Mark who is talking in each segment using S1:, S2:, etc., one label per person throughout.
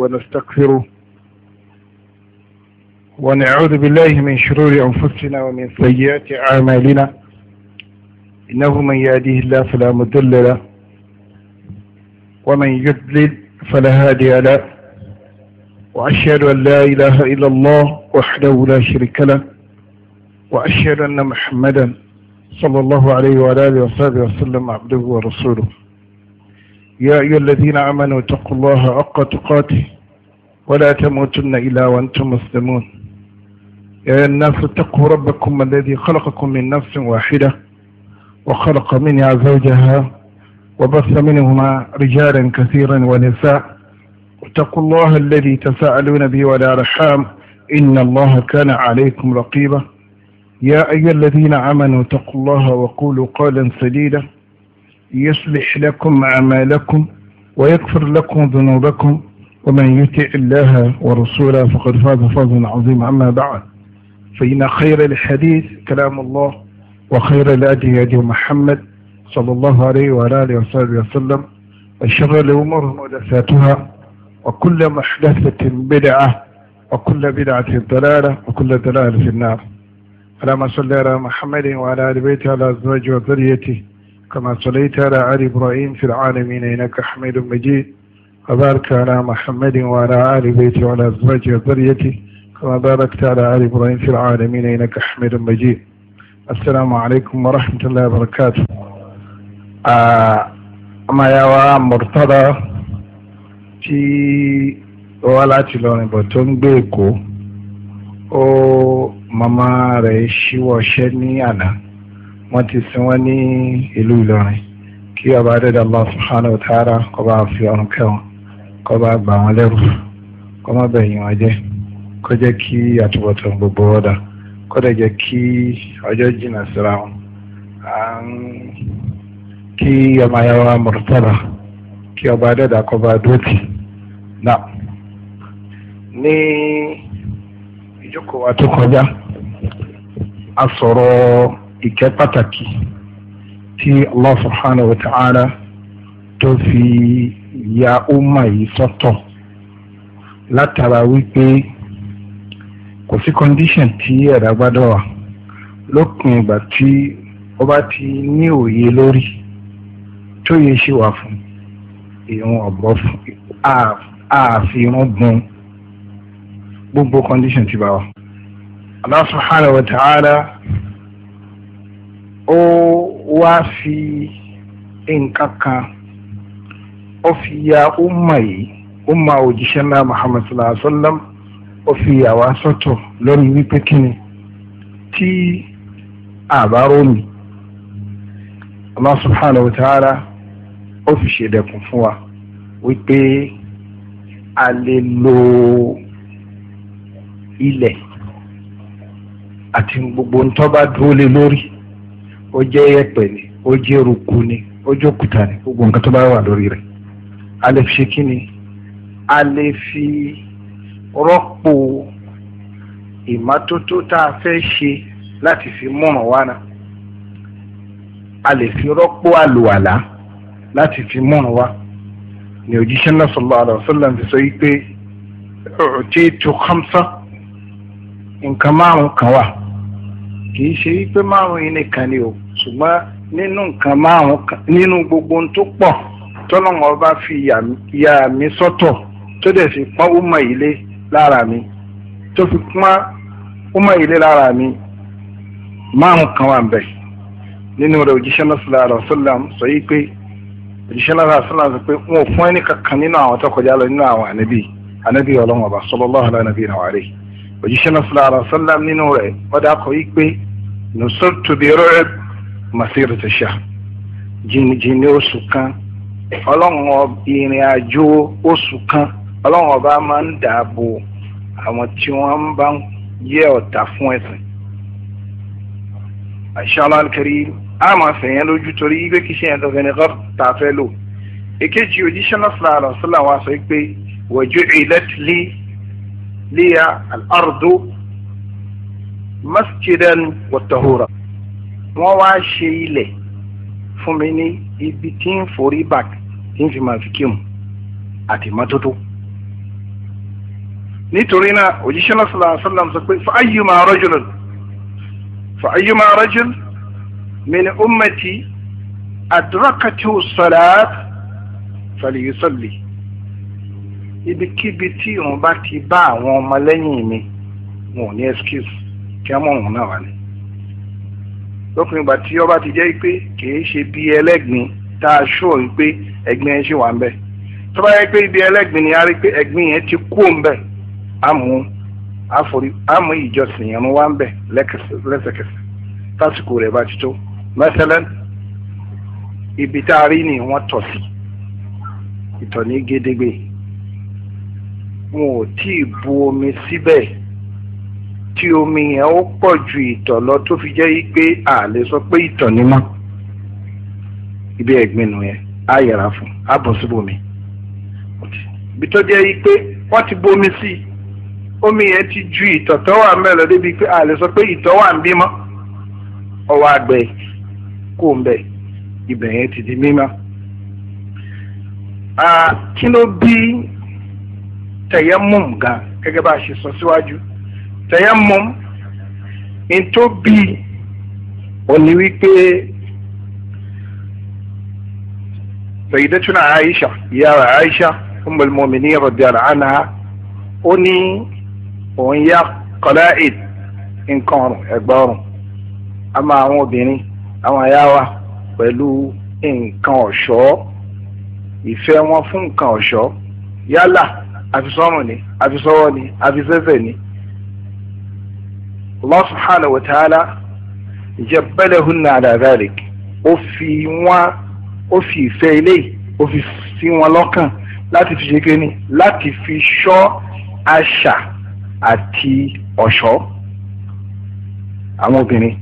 S1: ونستغفره ونعوذ بالله من شرور أنفسنا ومن سيئات أعمالنا إنه من يهديه الله فلا مضل له ومن يضلل فلا هادي له وأشهد أن لا إله إلا الله وحده لا شريك له وأشهد أن محمدا صلى الله عليه وعلى آله وصحبه وسلم عبده ورسوله يا أيها الذين آمنوا اتقوا الله حق تقاته ولا تموتن إلا وأنتم مسلمون يا الناس اتقوا ربكم الذي خلقكم من نفس واحدة وخلق منها زوجها وبث منهما رجالا كثيرا ونساء اتقوا الله الذي تساءلون به ولا رحام إن الله كان عليكم رقيبا يا أيها الذين آمنوا اتقوا الله وقولوا قولا سديدا يصلح لكم أعمالكم ويغفر لكم ذنوبكم ومن يطع الله ورسوله فقد فاز فوزا عظيما أما بعد فإن خير الحديث كلام الله وخير الهدي هدي محمد صلى الله عليه وعلى آله وصحبه وسلم وشر الأمور محدثاتها وكل محدثة بدعة وكل بدعة ضلالة وكل ضلالة في النار اللهم صل على محمد وعلى آل بيته وعلى أزواجه وذريته كما صليت على آل إبراهيم في العالمين إنك حميد مجيد وبارك على محمد وعلى آل بيته وعلى أزواجه وذريته كما باركت على آل إبراهيم في العالمين إنك حميد مجيد السلام عليكم ورحمة الله وبركاته أما يا مرتضى في ولا تلون بطن بيكو أو ماما ريشي وشني أنا wọ́n ti sin wọ́n ní ìlú Ìlọrin kí ọba adéda Allah subhanahu wa ta'ala kó bá fi ọrùn kẹwọn kó bá gbà wọ́n lẹ́rù kó má bẹ̀yìn wọn jẹ́ kó jẹ́ kí àtúbọ̀tán gbogbo ọ̀dà kó dẹ̀ jẹ́ kí ọjọ́ jìnnà síra wọn kí ọmọ ayáwá mọ̀tàlá kí ọba adéda kó bá dúró tì náà ní ìjókòó wa tó kọjá a sọ̀rọ̀ ìkẹ́ pàtàkì tí Allah subhanahu wa ta'ala tó fi ya umma yìí sọ́tọ̀ látara wípé kò sí condition tí ẹ̀dá gbádọ́ wa lópin ìgbà tí ó bá ti ní òye lórí tó yẹ ṣe wà fún ìrun ọ̀bọ fún àfihàn gun gbogbo condition ti bá wa. Allah subhanahu wa ta'ala ó wá fi nǹkan kan ó fi ya umma yìí umma òjíṣẹ́ náà muhammad sallallahu alaihi wa sallam ó fi àwa sọ́tọ̀ lórí wípé kíni tí àbárò mi allah subhanahu wa ta'ala ó fi ṣèdẹ̀kùn fún wa wípé a lè lo ilẹ̀ àti gbogbo ntọ́ dúró lé lórí ó jẹ́ yẹ̀pẹ̀ ni ó jẹ́ eruku ni ó jẹ́ òkúta ni gbogbo nǹkan tó bá wà lórí rẹ̀ a lè fi ṣe kí ni a lè fi rọ́pò ìmọ́tótó tá a fẹ́ ṣe láti fi múràn wá náà a lè fi rọ́pò àlùwàlà láti fi múràn wá ni òjíṣẹ́ náà sallallahu alaihi wasallam fi sọ yìí pé ọ̀tí tó khamsa nǹkan márùn-ún kan wà kì í ṣe wípé márùn yìí nìkan ni o ṣùgbọ́n nínú nǹkan márùn nínú gbogbo ohun tó pọ̀ tọ́lọ́mọ bá fi ya mi sọ́tọ̀ tó dẹ̀ fi pọ́n ọmọ ilé lára mi tó fi pọ́n ọmọ ilé lára mi márùn kan wà bẹ̀ nínú rẹ̀ òjíṣẹ́ náà sallallahu alaihi wasallam sọ yìí pé òjíṣẹ́ náà sallallahu alaihi sọ pé wọn ò fún ẹnì kankan nínú àwọn tó kọjá lọ nínú àwọn ànábì ànábì ọlọ́mọba sallallahu alaihi wasallam òjíṣẹ́ náà sọlá àrà sọlá nínú rẹ̀ ọ̀dà kọ́ yí pé nùsọ̀tù bí rẹ̀ màsírì ti ṣá jìnnìjìnnì oṣù kan ọlọ́run ìrìn àjò oṣù kan ọlọ́run ọba máa ń dààbò àwọn tí wọ́n bá ń yẹ ọ̀tá fún ẹ̀sìn. àṣàlọ́ àlùkẹ́rì á máa lójú torí gbé kí ṣe ẹ̀dọ̀ gẹ̀ẹ́nì kọ́ tá fẹ́ lò. èkejì òjíṣẹ́ náà sọlá wa sọ pé wọ́jú ìlẹ́tìlẹ́ لي الأرض مسجدا وطهورا وما شيء لي فمني يبتين فوري باك إن في مافكيم أتي ما تدو نيتورينا وجيشنا صلى الله عليه وسلم سكوي فأيما رجل فأيما رجل من أمتي أدركته الصلاة فليصلي ibikíbi tí òun bá ti bá àwọn ọmọlẹ́yìn mi wọn ò ní excuse kí wọ́n mọ̀ òun náà wà ní. lópin ìgbà tí ọba ti jẹ́ pé kìí ṣe bí ẹlẹ́gbin tá a ṣó rí pé ẹ̀gbin ẹ̀ ṣì wà ń bẹ̀. tó bá yẹ pé ibi ẹlẹ́gbin ni a rí pé ẹ̀gbin yẹn ti kú òun bẹ̀ àmú àforí àmú ìjọsìn yẹn wà ń bẹ̀ lẹ́sẹ̀kẹsẹ̀ tásìkò rẹ̀ bá ti tó mẹ́sẹ̀lẹ́ ibi tá a rí ni wọ́n tọ̀ sí ìtọ̀ ní gédégbé wọn ò tí ì bu omi síbẹ̀ tí omi yẹn ó pọ̀ ju ìtọ̀ lọ tó fi jẹ́ pé a lè sọ pé ìtọ̀ ni mọ́ ibi ẹ̀gbin nù yẹn á yẹra fún á bọ̀ síbòmí ibi tó jẹ́ pé wọ́n ti bomi sí i omi yẹn ti ju ìtọ̀ tó wà mẹ́rin lọ débi pé a lè sọ pé ìtọ̀ wà ń bímọ ọwọ́ àgbẹ̀ kò ń bẹ̀ ibẹ̀ yẹn ti di mímọ́. kí ló bí tẹ̀yẹ́mùm gan gẹ́gẹ́ bá a ṣe sọ síwájú tẹ̀yẹ́mùm ntóbi òní wípé sayyidatuna Aisha ìyá rẹ̀ Aisha ummul mu'minin radiyallahu anha ó ní òun yá kọláìd nǹkan ọrùn ẹ̀gbà ọrùn a máa àwọn obìnrin àwọn aya wa pẹ̀lú nǹkan ọ̀ṣọ́ ìfẹ́ wọn fún nǹkan ọ̀ṣọ́ yálà àfisọ́rùn ni àfisọ́wọ́ ni àfisẹ́sẹ̀ ni Allah subhanahu wa ta'ala jabbalahunna ala dhalik ó fi wọ́n ó fi ìfẹ́ eléyìí ó fi sí wọn lọ́kàn láti fi ṣe kíni láti fi ṣọ́ àṣà àti ọ̀ṣọ́ àwọn obìnrin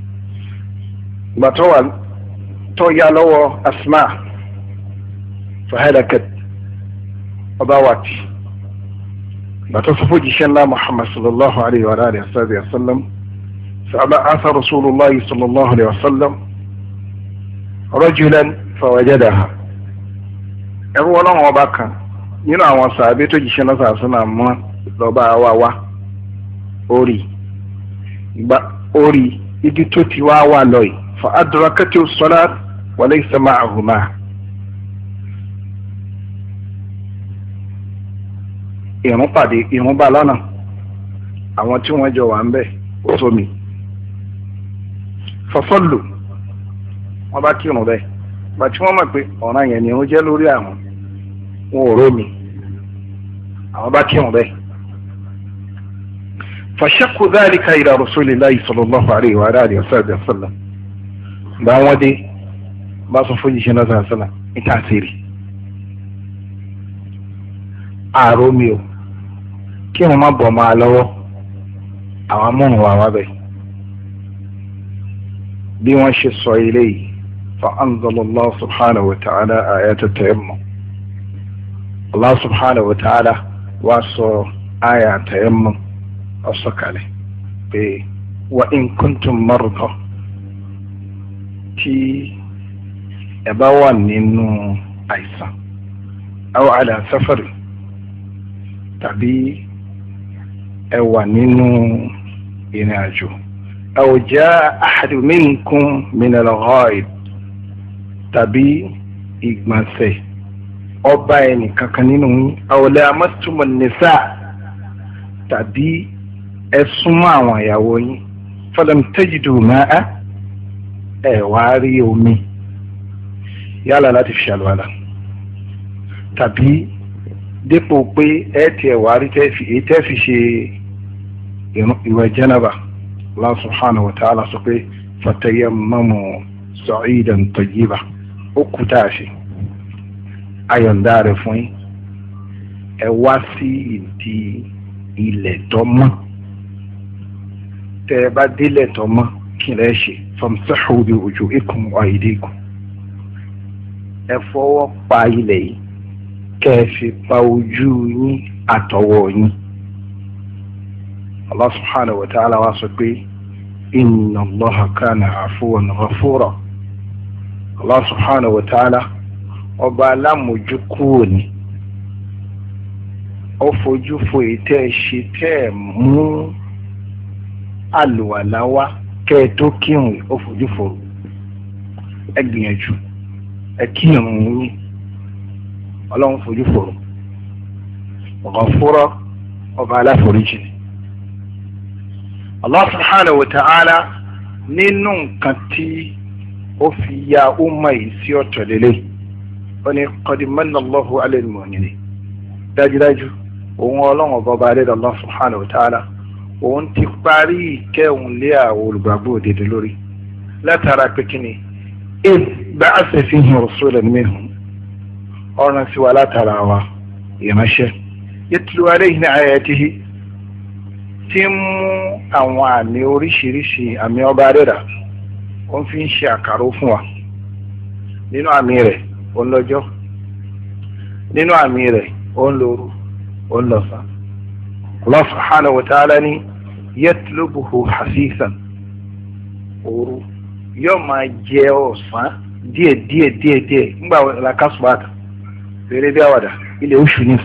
S1: ìgbà tó wà tó yá asma fahalakad ọba wàtí bàtà sọfọ jíṣẹ́ ńlá muhammad sallallahu alayhi wa alayhi wa sallam sàbà asa rasulillah sallallahu alayhi wa sallam rajulan fawajadaha ẹrú ọlọ́run ọba kan nínú àwọn sàbẹ tó jíṣẹ́ náà sàásùn náà mọ́ lọ́ba wa wá orí ìgbà orí igi tó ti wá wà lọ́yìí fa adrakatu salat wa laysa ma'ahuma. ìrún pàdé ìrún bá lọ́nà àwọn tí wọ́n jọ wà ń bẹ̀ ó sómi fọfọ́lù wọ́n bá kírun bẹ́ẹ̀ gbà tí wọ́n mọ̀ pé ọ̀ràn yẹn ni irun jẹ́ lórí àwọn wọn ò rómi àwọn bá kírun bẹ́ẹ̀ fàṣẹ́kù dhalika ila rasulillahi sallallahu alaihi wa alihi wasallam bá wọ́n dé bá sọ fún yìí ṣe náà sàlẹ̀ níta àti àrómi o kí wọn má bọ̀ máa lọ́wọ́ àwọn amóhùn wa wá bẹ̀. bí wọ́n ṣe sọ ilé yìí fa anzalallahu subhanahu wa ta'ala ayata tayammum allah subhanahu wa ta'ala wa sọ aya tayammum ọsọ kalẹ̀ pé wa in kuntum marda tí ẹ bá wà nínú àìsàn aw ala tàbí ẹ wà nínú ìrìn àjò aw jaa ahadu minkum minal ghaib tàbí ìgbọ̀nsẹ̀ ọba ẹnì kankan nínú yín aw lamastumun nisa tàbí ẹ súnmọ́ àwọn ìyàwó yín falam tajidu ma'a ẹ wàá rí omi yálà láti fi ṣàlùwàlà tàbí dépò pé ẹ tiẹ̀ wàá rí tẹ́ fi ṣe ìwẹ̀ jẹ́nàbà Allah subhanahu wa ta'ala sọ pé fatayammamu sa'idan tayyiba ó kú tá a ṣe ayọ̀ǹda rẹ̀ fún yín ẹ wá sí ìdí ilẹ̀ tọ́mọ́ tẹ́ ẹ bá délẹ̀ tọ́mọ́ kí lẹ́ ṣe famsahu bi wujuhikum wa aydikum ẹ fọwọ́ pa ilẹ̀ yìí kẹ́ ẹ fi pa ojú yín àtọwọ́ yín Allah subhanahu wa ta'ala wa sọ pé inna Allaha kana afuwan ghafura Allah subhanahu wa ta'ala ọba alámójúkúrò ni ó fojú fo ìtẹ́ ẹ ṣe tẹ́ ẹ mú àlùwàlá kẹ́ ẹ tó kírun ó fojú fo ẹ gbìyànjú ẹ kírun yín ọlọ́run fojú fo ọ̀gànfúrọ́ ọba aláforíjì ni. Allah subhanahu wa ta'ala nínú nǹkan tí ó fi ya umma yìí sí ọ̀tọ̀ lélẹ̀ ó ní qad manna Allahu ala al-mu'minin dájúdájú òun ọlọ́run ọba ọba adé Allah subhanahu wa ta'ala òun ti parí ìkẹ́hùn lé àwọn olùgbàgbọ́ òdèdè lórí látara pé kí ni id ba'atha fihim rasulan minhum ọ̀ràn sí wa látara wa ìránṣẹ́ yatlu alayhim ayatihi. tí ń mú àwọn àmì oríṣiríṣi àmì ọba rẹ̀dà ó fi ń ṣe àkàrò fún wa nínú àmì rẹ̀ ó ń lọ́jọ́ nínú àmì rẹ̀ ó ń lóru ó ń hasisan òru yóò máa jẹ fèrè bí àwàdà oṣù ní.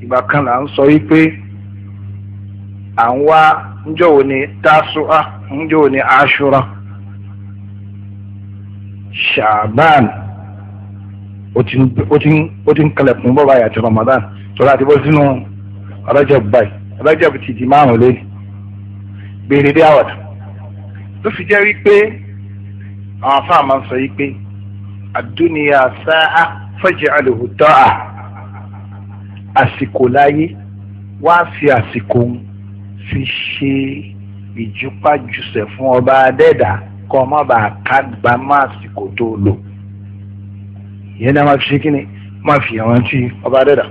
S1: ìgbà kan là ń sọ à ń wá ni tásùá níjọ́ wo ni aṣúra ṣàbán ó ti ń kalẹ̀kùn bọ́ báyìí àti Ramadan tọ́lá àti bọ́ sínú Rajab báyìí Rajab ti di márùn lé béèrè dé àwọ̀dà ló fi jẹ́ wípé àwọn afáàmà sọ wípé sáà ta'a. àsìkò láyé wá fi àsìkò ń fi ṣe ìjúpájúṣe fún ọba adẹ́dà kọ́ ọmọ bá a ká gba má àsìkò tó lò ìyẹn náà máa fi ṣe kíni máa fi àwọn tí ọba adẹ́dà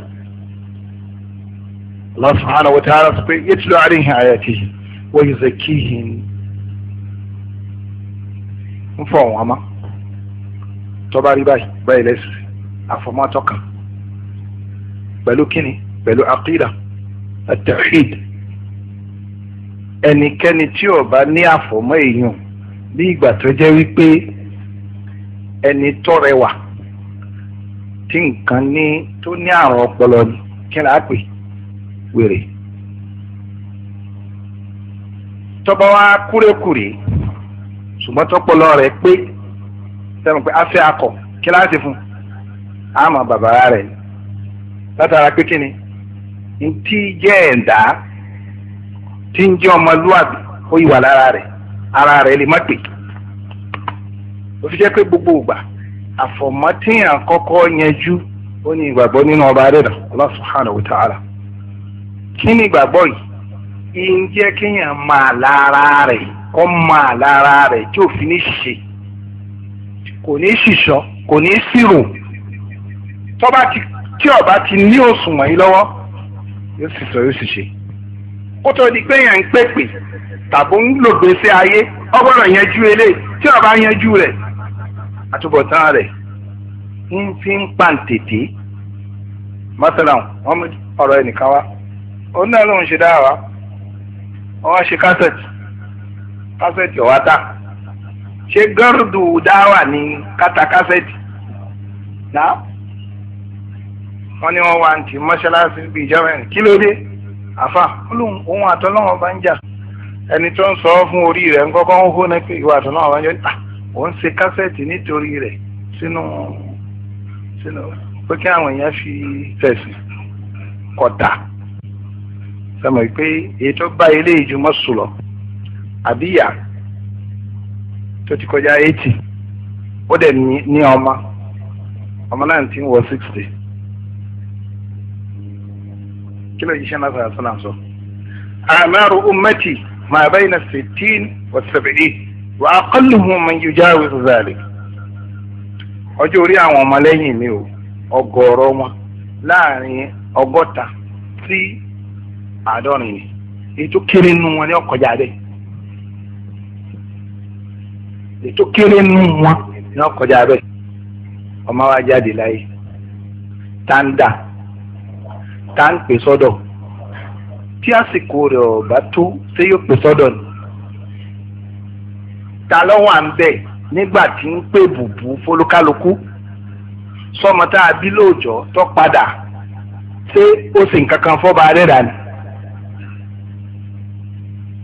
S1: Allah subhanahu wa ta'ala sọ pé yatlu alayhim ayatihi wa yuzakkihim ń fọ̀ wọ́n a ma tọ́ba rí báyìí báyìí lẹ́sìn àfọmọ́tọ́ kan. pẹ̀lú kíni pẹ̀lú akida atahid ẹnikẹ́ni tí ó bá ní àfọ̀mọ́ èèyàn bí ìgbà tó jẹ́ wípé ẹni tọrẹwà tí nǹkan ní tó ní àrùn ọpọlọ ni kí pè wèrè tọba wa ṣùgbọ́n tọpọlọ rẹ̀ pé akọ fún àmọ́ bàbá látara pé kí ni tí jẹ́ ẹ̀dá tí ń jẹ́ ọmọlúwàbí ó yìí wà lára rẹ̀ ara rẹ̀ lè má pè ó fi jẹ́ pé gbogbo ìgbà àfọ̀mọ́tíyàn kọ́kọ́ yanjú ó ní ìgbàgbọ́ nínú ọba kí ni ìgbàgbọ́ yìí ń jẹ́ kéèyàn máa lára rẹ̀ kọ́ máa lára rẹ̀ tí ò fi ní ṣe kò ní ṣìṣọ́ kò tí ọba ti ní òṣùwọ̀n yìí lọ́wọ́ yóò sì sọ yóò sì ṣe kó tó di pé yẹn ń pèpè tàbó ń lò gbèsè ayé ọgbọ́dọ̀ yanjú eléyìí tí ọba yanjú rẹ̀ àtúbọ̀tán rẹ̀ ń fi ń pàǹtètè mọ́tàlán wọ́n mú ọ̀rọ̀ ẹnìkan wá òun náà lòun ṣe dára wá wọ́n ṣe kásẹ̀tì kásẹ̀tì ọ̀wá tà ṣe gọ́rùdù dáwà ní kátà kásẹ̀tì náà wọ́n ní wọ́n wá ń ti mọ́ṣáláṣí bí ìjọba ẹni kí ló dé àfa ohun àtọ́lọ́wọ́n bá ń jà ẹni tó ń sọ fún orí rẹ̀ ń kọ́kọ́ ń hó pé ìwà àtọ́lọ́wọ́n bá ń jà ah òun ṣe kásẹ̀tì nítorí rẹ̀ sínú sínú pé kí àwọn èèyàn fi fẹ̀sìn kọ̀dà sọmọ pé èyí tó bá ilé ìjùmọ̀ sùn lọ àbíyà tó ti kọjá eighty ó dẹ̀ ní ọmọ ọmọ náà ti ń wọ sixty kí ló jíṣẹ́ náà sọ̀rọ̀ sọ́nà sọ. àmàrù ummati ma bayna sittin wa sab'in wa aqalluhum man yujawizu zalik. ọjọ́ orí àwọn ọmọlẹ́yìn mi ò ọgọ́rọ̀ wọn láàrin ọgọ́ta sí àádọ́rin ni ètò kéré nù wọn ní ọkọjà rẹ̀ ètò kéré nù wọn ní ọkọjà rẹ̀ ọmọ wa jáde láyé tàǹdà tá à ń pè sọ́dọ̀ tí àsìkò rẹ̀ ò bá tó ṣé yóò pè sọ́dọ̀ ni ta lọ́wọ́ à ń bẹ̀ nígbà tí ń pè bùbù fọlọ́kálukú sọmọ tá a bí lóòjọ́ tó padà ṣé ó sì ń kankan fọ́ba rẹ̀ rà ni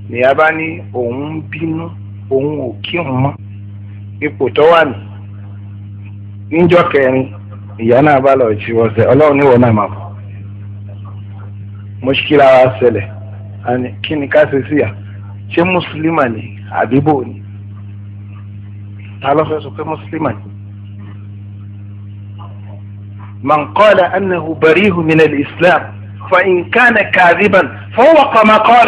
S1: nìyá bá ní òun ń bínú òun ò kí òun mọ́ ipò tó wà ní níjọ́ kẹrin ìyá náà bá lọ jí ọlọ́run níwọ̀n náà máa bọ̀. مشكلة wa يعني kí ni ká ṣe مسلماني à ṣé mùsùlùmá ni مسلماني من قال أنه بريه من الإسلام فإن كان كاذبا فهو كما قال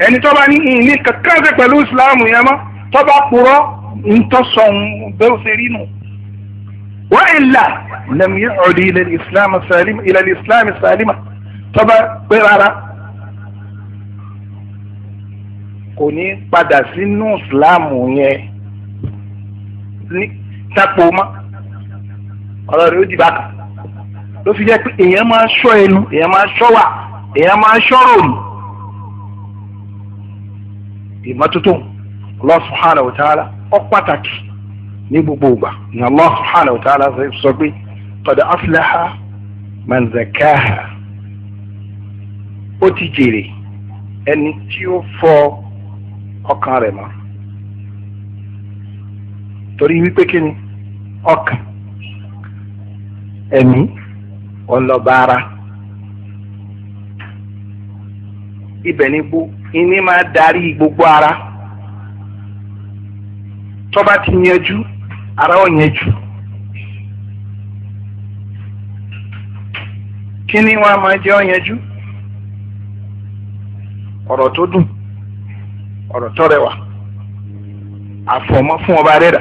S1: يعني طبعا إني كاذب الإسلام يا ما طبعا قرأ انتصم سيرينو وإلا لم يعد إلى الإسلام السالم إلى الإسلام السالمة tọba pé rárá kò ní padà sínú ìsìláàmù yẹn ní sápò mọ́ ọ̀rọ̀ rẹ̀ ó di ló fi jẹ́ pé èèyàn máa ṣọ́ ẹnu èèyàn máa ṣọ́ wà èèyàn máa ṣọ́ ròlù ìmọ́tótó Allah subhanahu pàtàkì ní gbogbo ìgbà ní ó ti jèrè ẹni tí ó fọ ọkàn rẹ̀ mọ́ torí wípé kí ni ọkàn ẹ̀mí ọlọ́ba ara ibẹ̀ ni gbó iní máa darí gbogbo ara tọ́ba ti yanjú ara ò yanjú. kí ni wọ́n á máa jẹ́ ọ̀yanjú. ọ̀rọ̀ tó dùn ọ̀rọ̀ tó rẹwà àfọ̀mọ́ fún ọba rẹ̀ dà.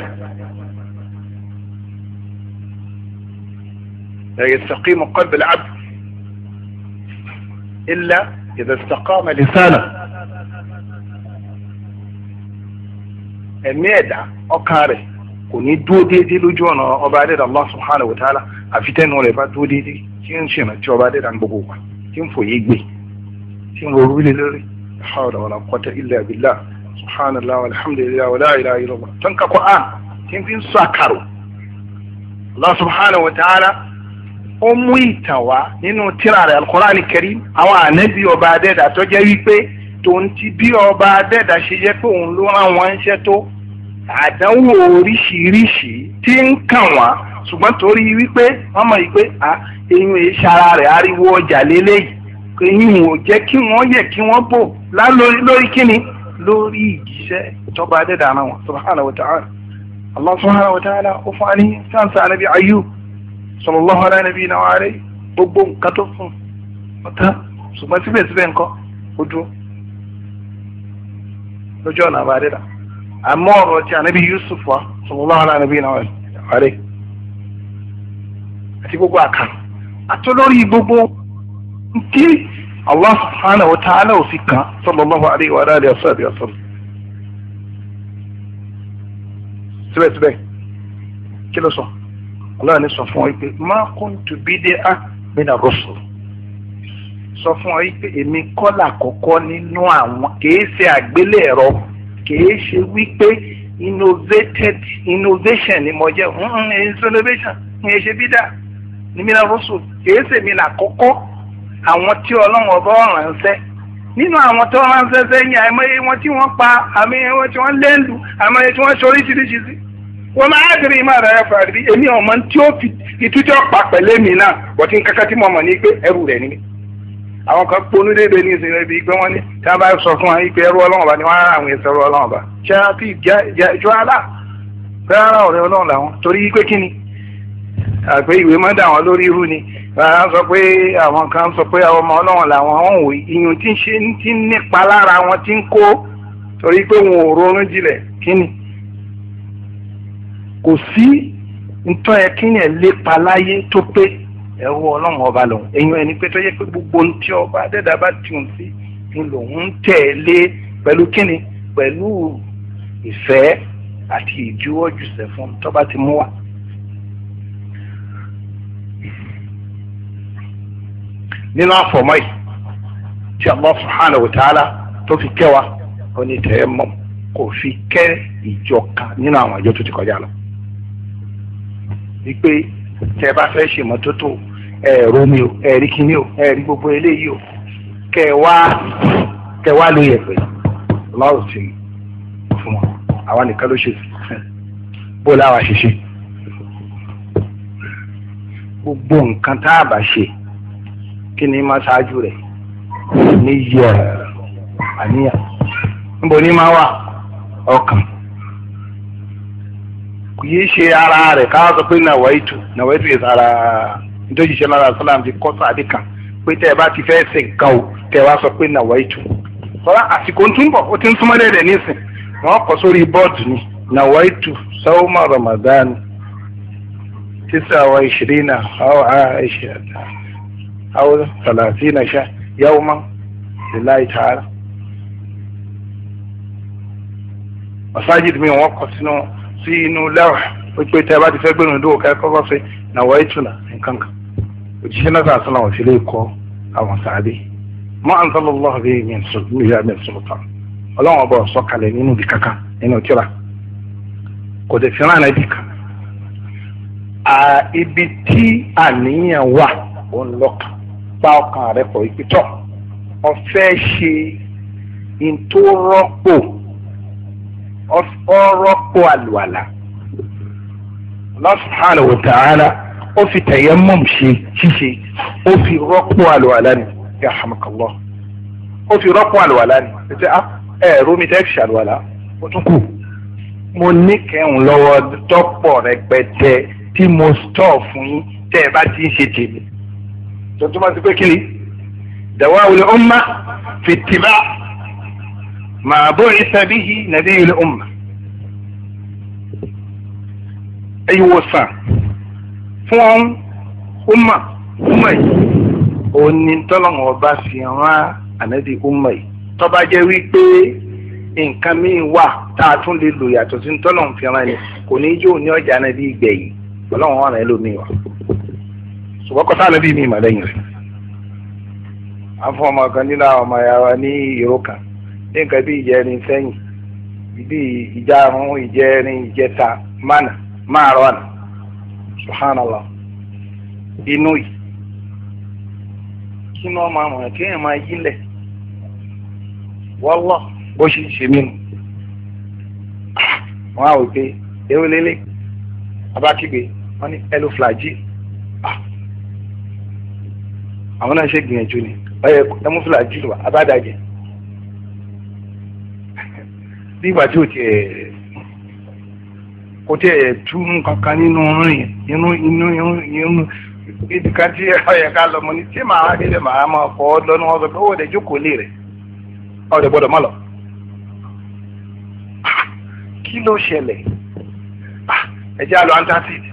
S1: لا يستقيم قلب العبد إلا إذا استقام لسانه ẹ̀mí ẹ̀dá ọkàn rẹ̀ kò ní dúró déédéé lójú ọ̀nà ọba adéda Allah subhanahu wa ta'ala àfitẹ́nu rẹ̀ bá dúró déédéé tí ń ṣèrántí ọba adéda gbogbo wa tí ń fòye gbé tí ń ro orí lórí hawla wala quwwata illa billah subhanallah walhamdulillah wala ilaha illallah tan ka qur'an tin fin sakaro allah subhanahu wa ta'ala ó mú ìtàn wá nínú tírà rẹ̀ alukurani karim àwọn ànábì ọba adẹ́dà tó jẹ́ wípé tòun ti bí ọba adẹ́dà ṣe jẹ́ pé òun ló rán wọn ṣẹ́ tó àdánwò oríṣiríṣi tí ń kàn wá ṣùgbọ́n torí wípé wọ́n mọ̀ wípé à eyín èé ṣara rẹ̀ ariwo ọjà lélẹ́yìí pé yìnyín ò jẹ́ kí wọ́n yẹ kí wọ́n bò lórí lórí kíni lórí ìjíṣẹ́ ìjọba adẹ́dàá wọn subhanahu wa ala allah subhanahu wa ó fún wa sansa anabi ayub sallallahu alaihi nabi gbogbo nǹkan tó fún ọ̀tá ṣùgbọ́n síbẹ̀síbẹ̀ nǹkan ó dúró lójú ọ̀nà àbá adẹ́dàá àmọ́ ọ̀rọ̀ ti anabi yusuf wa sallallahu bi nabi náà wàhálà àti gbogbo àkàrà àtọ́lórí gbogbo Allah subhanahu wa ta'ala ò fi kàn sallallahu alayhi wa alayhi wa sallam wa sallam. síbẹ̀síbẹ̀ kí ló sọ Allah ni sọ fún ọ pé ma kuntu bid'a mina rusul sọ fún ọ pé èmi kọ́là kọ́kọ́ nínú àwọn kìí ṣe àgbélẹ̀rọ kìí ṣe wípé innovated innovation ni mo jẹ́ innovation ni ẹ ṣe bídà ni mina rusul kìí ṣe mi là àwọn tí ọlọ́run ọba ránṣẹ́ nínú àwọn tó ránṣẹ́ sẹ́yìn àìmọye wọn tí wọ́n pa àmì wọn tí wọ́n lẹ́ńdù àmọye tí wọ́n ṣoríṣiríṣi sí wọ́n máa dìrì ìmọ̀ rẹ̀ fàrí bí èmi ọ̀mọ tí ó fi ìtújọ́ pa pẹ̀lẹ́ mi náà bọ̀tí kankan tí mo mọ̀ ní pé ẹrù rẹ̀ ni mí àwọn kan ní ìsinmi ibi pé wọ́n ní tí wọ́n bá sọ fún wa pé ẹrú ọlọ́run ọba ni wọ́n àwọn sọ pé àwọn kan sọ pé àwọn ọmọ ọlọ́run làwọn ń wò ìyún tí ń ṣe ti ń nípa lára wọn ti ń kó torí pé wọn ò ronú jinlẹ̀ kíni kò sí ntọ́ ẹ kíni ẹ lépa láyé tó pé ẹ wọ ọlọ́run ọba lòun èèyàn ẹni pé tó yẹ pé gbogbo ohun tí ọba adẹ́dàá bá tiun sí ni lòun ń tẹ̀lé pẹ̀lú kíni pẹ̀lú ìfẹ́ àti ìjuwọ́jùsẹ̀ fún tọ́ba ti mú wa. nínú àfọ̀mọ́ yìí tí Allah subhanahu wa ta'ala tó fi kẹ́ wa ó ní tayammum kò fi kẹ́ ìjọ kan nínú àwọn ìjọ tó ti kọjá lọ. wípé tẹ́ bá fẹ́ ṣèmọ́tótó ẹ̀rọ mi o ẹ̀rí kíní o ẹ̀rí gbogbo eléyìí o kẹ́ wá kẹ́ wá ló yẹ pé lọ́rùn ti fún wọn àwa nìkan ló ṣe bó láwa ṣe ṣe gbogbo nǹkan tá a bá ṣe kí ni máa ṣáájú rẹ̀ ní yẹ àníyàn níbo ni máa wà ọkàn kì í ṣe ara rẹ̀ ká sọ pé nàwọ̀ ètò nàwọ̀ ètò yẹn sara nítorí ṣe lára sálàm ti kọ́ sáàdì kan pé tẹ́ ẹ bá ti fẹ́ ṣe nǹkan o tẹ́ ẹ wá sọ pé nàwọ̀ ètò sọ́ra àsìkò tó ń bọ̀ ó ti ń súnmọ́ dẹ́dẹ̀ nísìn wọ́n kọ́ sórí bọ́ọ̀dù ni nàwọ̀ ètò sọ́wọ́mọ̀ Ramadan tíṣà wa ìṣirí náà ọ̀ ẹ̀ ṣe àtàwọn. أو ثلاثين شهر يوما لله تعالى masajid mi wọn kọ sínú sí inú lẹ́wà wípé tẹ́ bá ti fẹ́ gbẹ̀rún ìdúró kẹ́kọ̀ọ́ bá ṣe nàwọ̀ ìtura nǹkan kan òjíṣẹ́ náà sàn sàn àwọn òṣèlú ikọ̀ àwọn sàádé mọ́ àǹsọ́lọ́lọ́ bí mi sọ̀rọ̀ mi yá mi sọ̀rọ̀ tán ọlọ́run gba ọkàn rẹ pọ̀ ìpìtọ́ ọ̀fẹ́ ṣe ntòrọ́pò ọ̀rọ̀pò àlùwàlà Allah subhanahu wa ta'ala ó fi tayammum ṣe ṣíṣe ó fi rọ́pò àlùwàlà ni yarhamukallah ó fi rọ́pò àlùwàlà ni ṣe ẹ ah, rómi tẹ́ fi ṣàlùwàlà ó tún kù mo ní kẹ́hùn lọ́wọ́ tọ́pọ̀ rẹpẹtẹ tí mo stọ̀ fún yín tẹ́ ẹ bá ti ń ṣe tèmi tuntun ma ti pé kí ni dawaawu li umma fi tiba maa bó isabihi nabiyu li umma ìwòsàn fún umma umma yìí òní tọ́lọ́mù ọba fi hàn ànábì umma yìí tọ́ba jẹ́ wípé nǹkan míì wà tá a tún lè lò yàtọ̀ sí tọ́lọ́mù fi hàn ni kò ní í jó ní ọjà náà bí ìgbẹ̀yìn ọlọ́run ọ̀ràn ẹlòmíì wà ṣùgbọ́n kọ́sá nàbí mi ìmọ̀ lẹ́yìn rẹ̀ afọ ọmọ kan nínú àwọn ọmọ yàrá ní ìró kan ní nǹkan bí ìjẹrin sẹ́yìn bí ìjárun ìjẹrin ìjẹta mánà máàrọ̀ àná subhanallah inú yìí kí ni wọ́n máa mọ̀ kí èèyàn máa yílẹ̀ wọ́lọ́ bó ṣe ń ṣe mí nù wọ́n á wò pé ewé ẹlòflagil àwọn náà ṣe gbìyànjú ni ọyẹ ẹmúfìlà jùlọ abádàjẹ bí ìgbà tí ò tiẹ̀ kò tiẹ̀ túnú kankan nínú rìn inú inú inú ibi kan tí ọyẹ ká lọ mọ ní tí màá délé màá máa fọ ọ lọ ní wọn sọ pé ó dẹ jókòó lé rẹ ọ dẹ gbọ́dọ̀ má lọ ah, kí ló ṣẹlẹ̀ ah, ẹ̀jẹ̀ àlọ́ antasid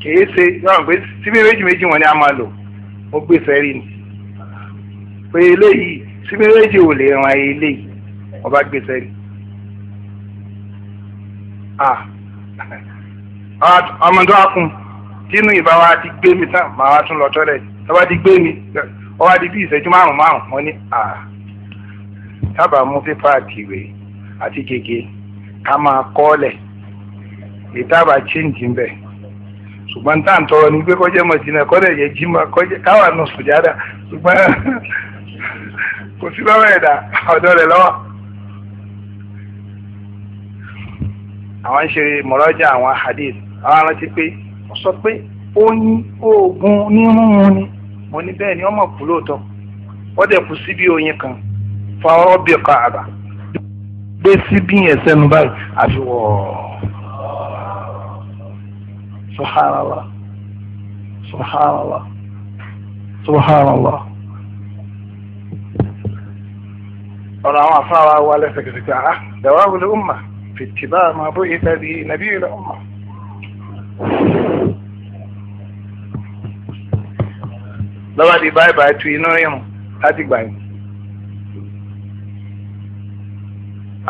S1: kì í ṣe yọ̀rọ̀ pé síbí méjì méjì wọn ni a máa lò mo gbé sẹ́rí ni pé eléyìí sí méjèèjì ò lè ran eléyìí mo bá gbé sẹ́rí. ọmọ tó wá kún tínú ìbá wa ti gbé mi tán màá wá tún lọ tọ́lẹ̀ tó bá ti gbé mi ó wá di bí ìṣẹ́jú márùn-ún márùn-ún mo ní tábà mú pépà àtìwé àti gègé ká máa kọ́ ọ́lẹ̀ ìtàbà chíǹjì ń bẹ̀ ṣùgbọ́n tá à ń tọrọ ní pé kọjá mọ̀jìnà kọ́dẹ̀ yẹ jimá kọjá káwà nù sùjádà ṣùgbọ́n kò sí lọ́wọ́
S2: ẹ̀dá ọ̀dọ́ rẹ̀ lọ́wọ́.
S1: àwọn ń ṣe mọ̀rọ́jà àwọn hadith àwọn arántí pé wọ́n sọ pé oyin oògùn onírúurú ni mo ní bẹ́ẹ̀ ni wọ́n mọ̀ kú lóòótọ́ wọ́n dẹ̀ kú síbi oyin kan fọwọ́ bí ọkọ̀ àbá gbé síbi ẹ̀sẹ̀ nu báyìí àfi wọ̀ọ́ subhanallah subhanallah subhanallah ọ̀rọ̀ àwọn afárá wa lẹ́sẹ̀kẹsẹ̀kẹ̀ àá ah, dàwáwò lè umma fìtìbá máa bó ìfẹ́ bí nàbí ilẹ̀ umma. lọ́wọ́ di báyìí báyìí tu inú irun láti gbà yín.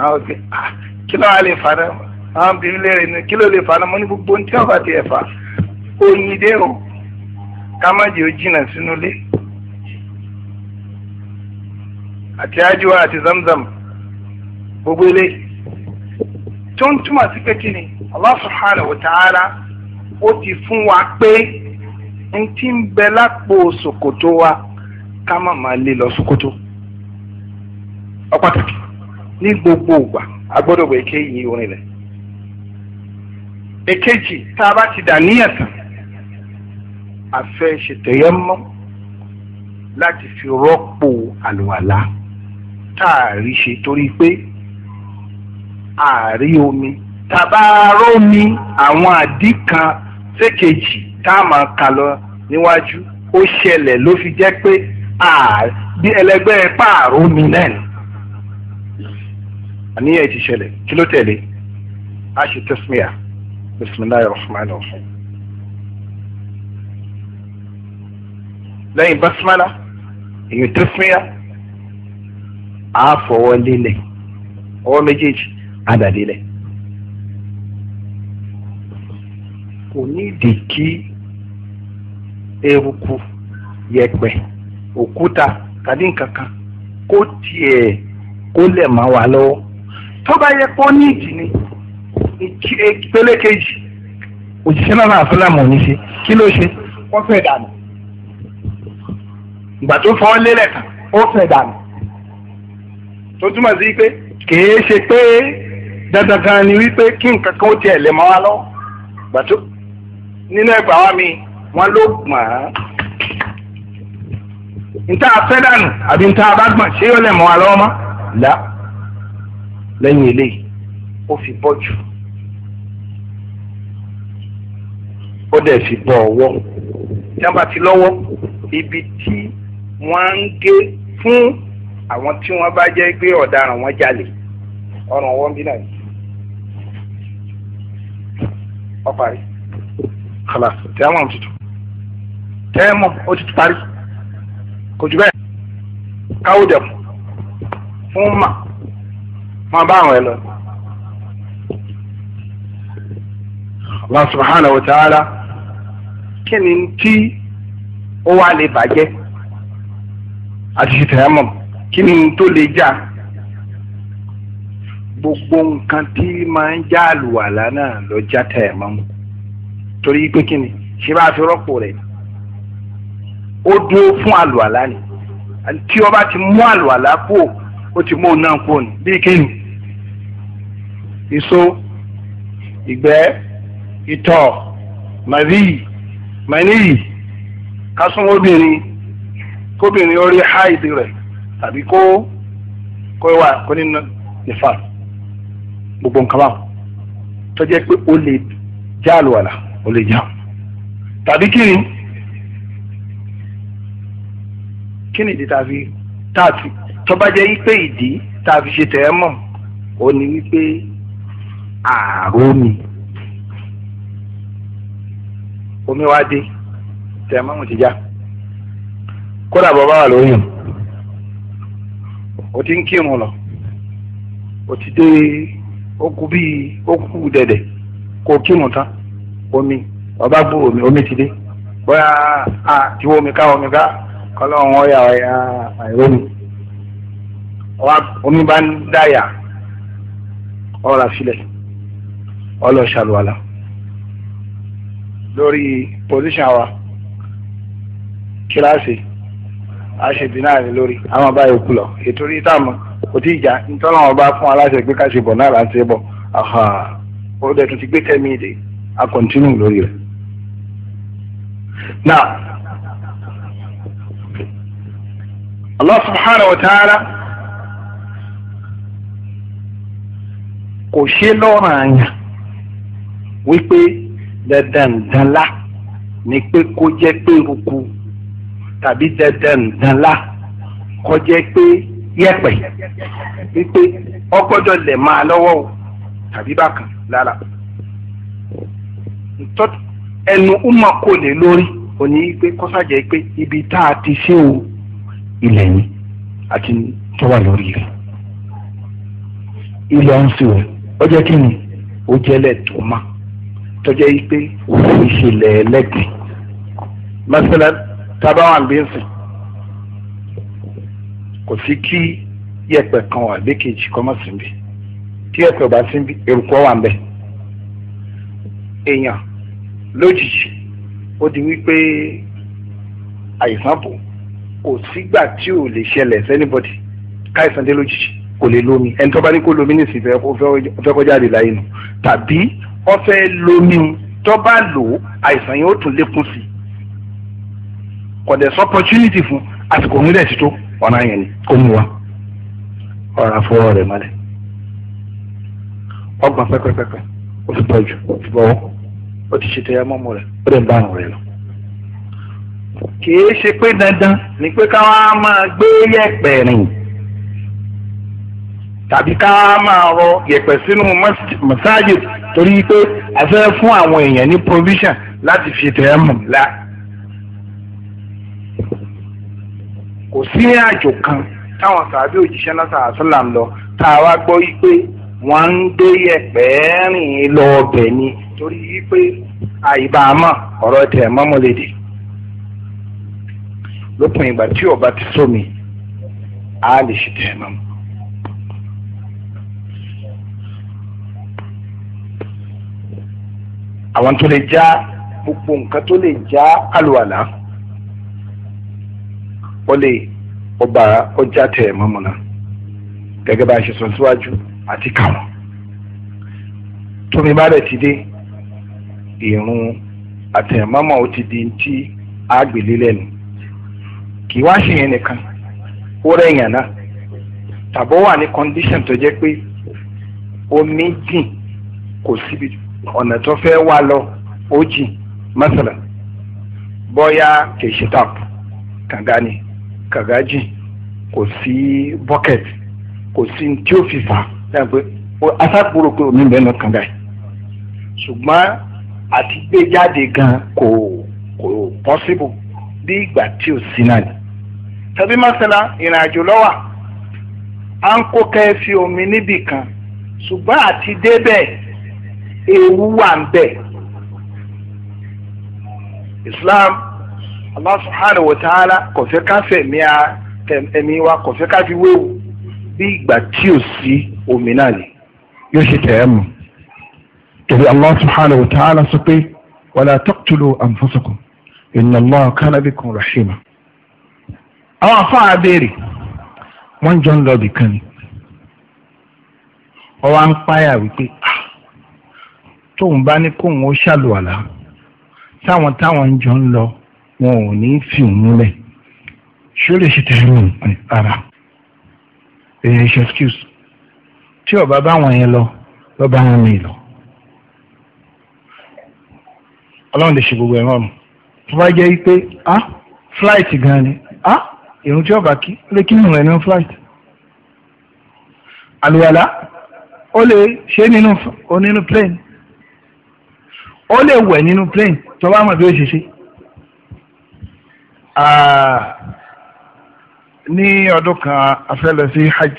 S1: àwọn òkè ah, kí ló wà lè fa náà àwọn obìnrin lẹ́rẹ̀ ní kí ló lè fa ọmọ ní gbogbo ní tí wọ́n bá ti ẹ̀fà oyin dé o ká má jẹ́ ó sínú ilé àti ájúwa àti zamzam gbogbo ilé tó ń túmọ̀ sí pé kí ni Allah subhanahu wa ta'ala ó ti fún wa pé n ti ń bẹ lápò ṣòkòtò wa ká má máa lé lọ ṣòkòtò ọ pàtàkì ní gbogbo ìgbà a wẹ̀ kéyìí orin rẹ̀ èkejì tá a bá ti dà níyàn tán a fẹ́ ṣètẹ̀yẹ́ mọ́ láti fi rọ́pò àlùwàlá tá a rí ṣe torí pé a rí omi tàbárò mi àwọn àdí kan sékejì tá a máa kà lọ níwájú ó ṣẹlẹ̀ ló fi jẹ́ pé bí ẹlẹgbẹ́ pààrọ̀ mi náà ni àníyàn ti ṣẹlẹ̀ kí ló tẹ̀lé a ṣe tẹ́símíà. بسم الله الرحمن الرحيم lẹ́yìn basmala ìyẹn tẹ́símíyà عفو fọwọ́ lélẹ̀ ọwọ́ méjèèjì á dà lélẹ̀ kò ní ìdí kí eruku yẹ̀pẹ̀ òkúta tàbí nǹkan kan kó tiẹ̀ kó lẹ̀ máa wà lọ́wọ́ tó bá yẹ kó ní ìdí ni ìpele eh, kejì òṣìṣẹ́ náà náà fúlàmù ò ní ṣe kí ló ṣe wọ́n fẹ́ dànù ìgbà tó fọ́ lélẹ̀ tán ó fẹ́ dànù tó túmọ̀ sí pé kìí ṣe pé dandan kan ni wípé kí nǹkan kan ó tiẹ̀ lè mọ́ wa lọ́wọ́ ìgbà tó nínú ẹgbàá wa mi wọ́n ló gbọ̀n án nta afẹ́ dànù àbí nta abágbọ̀n ṣé yóò lè mọ́ wa lọ́wọ́ mọ́ là lẹ́yìn eléyìí ó fi bọ́ jù. ó dẹ̀ fi bọ́ ọwọ́ tí wọ́n bá ti lọ́wọ́ ibi tí wọ́n ń gé fún àwọn tí wọ́n bá jẹ́ pé ọ̀daràn wọn jalè ọ̀ràn wọn bí náà ọ parí kala tẹ́mọ̀ tutù tẹ́mọ̀ ó ti parí kò jù bẹ́ẹ̀ káwó dẹ̀ fún mà máa bá àwọn ẹ lọ. Allah subhanahu wa ta'ala kí ni tí ó wá lè bàjẹ́ àti ìtẹ̀yàmọ̀ kí ni tó lè já gbogbo nǹkan tí máa ń já àlùwàlá náà lọ já tẹ̀yàmọ̀ torí pé kí ni ṣé bá a fi rọ́pò rẹ̀ ó dúró fún àlùwàlá ni tí ó ti mú àlùwàlá kú ó ti mú òun náà kú ni bí kí ni ìgbẹ́ ìtọ̀ màríì mẹ́nìyì kásùn obìnrin kóbìnrin orí háìdì rẹ̀ tàbí kó kó wà kó nínú ìfà gbogbo nǹkan báwọn tó jẹ́ pé o lè já àlùwàlà o lè já tàbí kíni kíni ìdí tàbí tàbí tó bá jẹ́ pé ìdí tàbí ṣe tẹ̀ ẹ́ mọ̀ ó ní wípé ààrò ni. omi wá dé tẹ̀mọ́mù ti já kódà bọ́ bá wà lóyún o ti ń kírun lọ o ti dé okú bíi okú dẹ̀dẹ̀ kó kírun tán omi ọba gbó omi omi ti dé bóyá a ti wo omi ká omi ká kọlọ́run ọ̀yà ọ̀yà àìrómi omi bá ń dáyà ọ̀rà sílẹ̀ ọlọ́ọ̀ṣàlùwàlà. lórí position wa kíláàsì a ṣe dínà rẹ lórí àwọn báyìí kú lọ ètò orí táàmù kò tí ì jà nítorí àwọn bá fún aláṣẹ pé ká ṣe bọ̀ náà láti ṣe bọ̀ ó dẹ̀ tún ti gbé tẹ́mi ìdè a continue lórí rẹ̀. now Allah subhanahu wa ta'ala kò ṣe lọ́ràn àyàn wípé dandandanla ni pé kó jẹ́ pé ruku tàbí dandandanla kó jẹ́ pé yẹ̀pẹ̀ wípé ọgbọ́dọ̀ lẹ̀ máa lọ́wọ́ o tàbí bákan lára ẹnu ọmọ kò lè lórí òní pé kọ́sàjẹ́ pé ibi tá a ti ṣe o ilẹ̀ yìí àti tó wà lórí rẹ̀ ilẹ̀ ọ̀hún sí o ó jẹ́ kí ni ó jẹ́lẹ̀ tó máa tọ́jọ́ yìí pé ìṣẹ̀lẹ̀ ẹlẹ́gbẹ̀ẹ́ masalan tábàwà ń bí ń sìn kò sí kí yẹ̀pẹ̀ kan wà bí kejì kọ́ mọ̀ síbi tí yẹ̀pẹ̀ bá síbi eruku wà ń bẹ̀ èèyàn lójijì ó di wípé àìsàn bò kò sígbà tí ò lè ṣẹlẹ̀ sẹ́nibọ́dì káìsàn dé lójijì kò lè lómi ẹni tó bá ní kó lómi ní ìsìn fẹ́ kọjá àdìláyé nù tàbí ọfẹ lomi tó lo lò àìsàn yóò tún lékún sí kò dẹ̀ sọ opportunity fún àsìkò òun dẹ̀ ti tó ọ̀nà yẹn ni kò mú wa ọ̀rọ̀ àfọwọ́ rẹ̀ mọ́lẹ̀ ọgbọ̀n pẹ́pẹ́pẹ́pẹ́ ó ti bọ́jú ó ti bọ́wọ́ ó ti ṣètò ẹyà mọ́mọ́ rẹ̀ ó dẹ̀ ń bá àrùn rẹ̀ lọ. kì í ṣe pé dandan ni pé káwọn máa gbé yẹ̀pẹ̀ rìn tàbí ká máa rọ yẹ̀pẹ̀ sínú masajid torí pé a fẹ́ fún àwọn èèyàn ní provision láti fi tẹ̀ mọ̀ la. kò sí àjò kan táwọn sàbí òjíṣẹ́ náà sàásùlàm lọ tá a wá gbọ́ yìí pé wọ́n ń gbé yẹ̀pẹ̀ rìn lọ ọbẹ̀ ni torí wípé àìbámọ̀ ọ̀rọ̀ tẹ̀ mọ́mọ́lédè lópin ìgbà tí ọba ti sómi a lè ṣe tẹ̀ mọ́mọ́. àwọn tó lè já gbogbo nǹkan tó lè já àlùwàlà ó lè ọba ọjà tẹ̀ ẹ̀ mọ́mọ́ná gẹ́gẹ́ bá a ṣe sọ síwájú àti kàwọn tómi bá rẹ̀ ti dé ìrun àtẹ̀mọ́mọ́ ó ti di ti àgbèlé lẹ́nu kì í wá ṣe yẹn nìkan ó rẹ̀yàn náà tàbó wà ní condition tó jẹ́ pé omi dìn kò síbi ọ̀nà tó fẹ́ wà lọ ó jìn mọ́sálà bọ́yá kìí ṣe tap ni kànga jìn kò sí bucket kò sí tí ó fi fà dáhùn pé asákòrò pé omi bẹ́ẹ̀ náà kànga ṣùgbọ́n àti gbé jáde gan kò kò possible bí ìgbà tí ò sí náà ni tàbí mọ́sálà ìrìn àjò lọ́wọ́ à ń kó kẹ́ẹ́ fi omi níbì kan ṣùgbọ́n àti débẹ̀ ewu wà ń Islam Allah subhanahu wa ta'ala kò fẹ́ ká fẹ̀mí ẹ̀mí wa kò fẹ́ ká fi wéwu bí ìgbà tí ò sí omi náà ni yóò ṣe tẹ̀ ẹ́ mu torí Allah subhanahu wa ta'ala sọ pé wala taqtulu anfusakum inna Allah kana bikum rahima. àwọn afáà béèrè wọ́n jọ ń lọ bìkan ni wọ́n wá ń páyà wípé ah tóun bá ní kóun ó ṣàlùwàlà táwọn táwọn jọ ń lọ wọn ò ní fi òun múlẹ̀ ṣé ó lè ṣe tẹ̀lé òun ara èyí ṣe excuse tí ọba báwọn yẹn lọ lọ bá wọn mi lọ ọlọ́run lè ṣe gbogbo ẹ̀rọ ọ̀nà tó bá jẹ́ pé ah flight gan ni ah irun tí ọba kí ó lè kí nìyẹn nínú flight àlùwàlà ó lè ṣe nínú onínú plane ó lè wẹ̀ nínú plane tó bá mọ̀ bí ó ṣe ṣe. ní ọdún kan a sí hajj